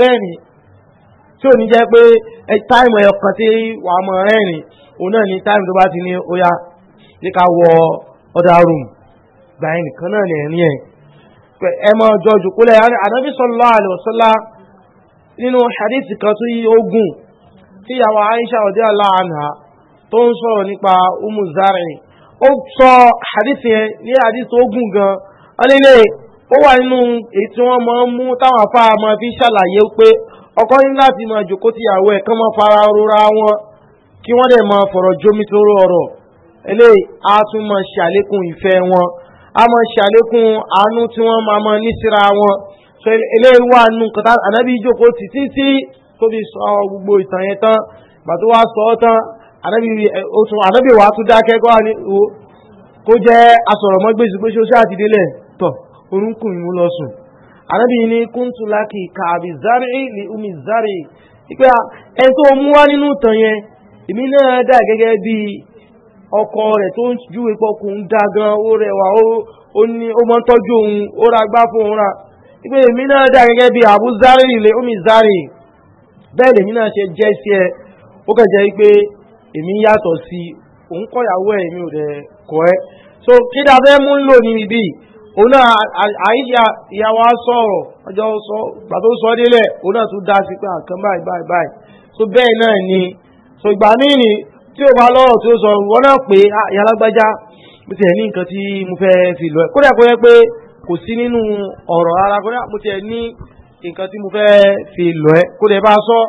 Speaker 1: rẹ́rìn òun náà ní táìmù tó bá ti ní ó yá ní ká wọ ọ̀dà room gbà yẹn nìkan náà ní ẹ̀rín ẹ̀ pé ẹ mọ jọjú kólẹ̀ ànábì sallallahu alaihi wasallam nínú hadithi kan tó yí ogun tí ìyàwó Aisha radiyallahu anha tó ń sọ̀rọ̀ nípa umu zari ó sọ hadithi yẹn ní hadithi ogun gan ọlẹ́lẹ́ ó wà nínú èyí tí wọ́n máa ń mú táwọn afá máa fi ṣàlàyé pé ọkọ ní láti máa jòkó tíyàwó ẹ̀ kán máa fara rora wọn kí wọ́n dẹ̀ máa fọ̀rọ̀ jómitóró ọ̀rọ̀ eléyìí á tún máa ṣàlékún ìfẹ́ wọn á máa ṣàlékún àánú tí wọ́n máa máa ní síra wọn eléyìí wà nù kọ́tà ànábì ìjókòó ti títí tóbi sọ gbogbo ìtàn yẹn tán bàtú wá sọ ọ́ tán ànábì wàá tún dákẹ́ kó jẹ́ asọ̀rọ̀mọ́gbèsì pé ṣe ó ṣáà ti délẹ̀ tọ̀ orúnkún ìmú lọ sùn ànábì ní kúntùlákì kàbí zárì lè umi zárì ìpè ẹni tó mú wá nínú ìtàn yẹn èmi náà dà gẹ́gẹ́ bí ọkọ rẹ̀ tó ń júwe pọkùn dá gan ó rẹwà ó ní ó mọ́ tọ́jú ó ra gbá fún ra ìpè èmi náà dà gẹ́gẹ́ bí Abu Zari omi Zari bẹ́ẹ̀ lèmi náà ṣe jẹ́ sí ẹ ó èmi yàtọ̀ sí òun ẹ̀ mi ò dẹ̀ kọ́ ẹ́ so kí ni abẹ́ mú lò ní ibi òun náà ìyàwó sọ̀rọ̀ ọjọ́ sọ gbà sọ délẹ̀ òun náà tún dá sí pé àkàn báyìí báyìí báyìí so bẹ́ẹ̀ náà ni so ìgbà míì ni tí o bá lọ́rọ̀ tí ó sọ wọn náà pé ah, ìyálágbájá mo ti ẹ̀ ní nǹkan tí mo fẹ́ fi lọ ẹ̀ kódà kó yẹ pé kò sí nínú ọ̀rọ̀ ara kódà mo ti ẹ̀ ní nǹkan tí mo fẹ́ fi lọ ẹ̀ kódà ẹ bá sọ.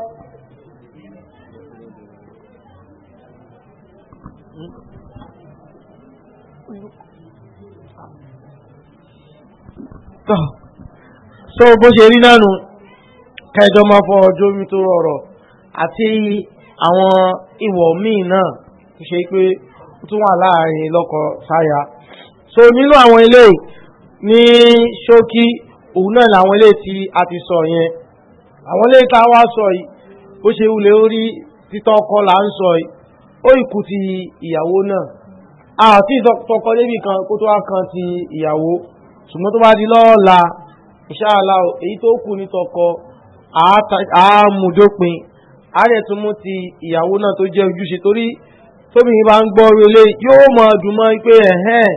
Speaker 1: so bó ṣe rí náà kẹjọ máa fọ ọjọ́ mi tó rọrọ̀ àti àwọn ìwọ̀ míì náà tó ṣe pé ó tún wà láàrin lọ́kọ sáya so nínú àwọn ilé ní ṣókí òun náà làwọn ilé tí a ti sọ yẹn àwọn ilé tá a wá sọ yìí ó ṣe wulẹ̀ orí títọ́ ọkọ là ń sọ yìí ó ìkù ti ìyàwó náà àti ìtọ́kọ débì kan kó tó wá kan ti ìyàwó ṣùgbọ́n tó bá di lọ́ọ̀la insha èyí tó kù ní àámùdópin àárẹ̀ tún mú ti ìyàwó náà tó jẹ́ ojúṣe torí tóbìnrin bá ń gbọ́ relé yóò mọ dùnmọ́ pé ẹ̀hẹ́n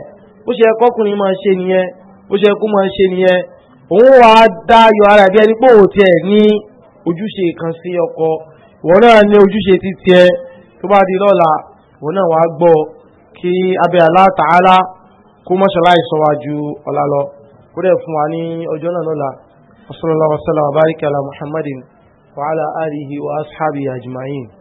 Speaker 1: ó ṣe ma máa ṣe nìyẹn ó ṣe kó máa ṣe nìyẹn òun wà á dá ara bí ẹni pé òun ní ojúṣe kan sí ọkọ ìwọ náà ní ojúṣe ti tiẹ̀ tó bá di lọ́la ìwọ náà wàá gbọ́ kí abẹ́ wa ní ọjọ́ náà lọ́la وعلى آله وأصحابه أجمعين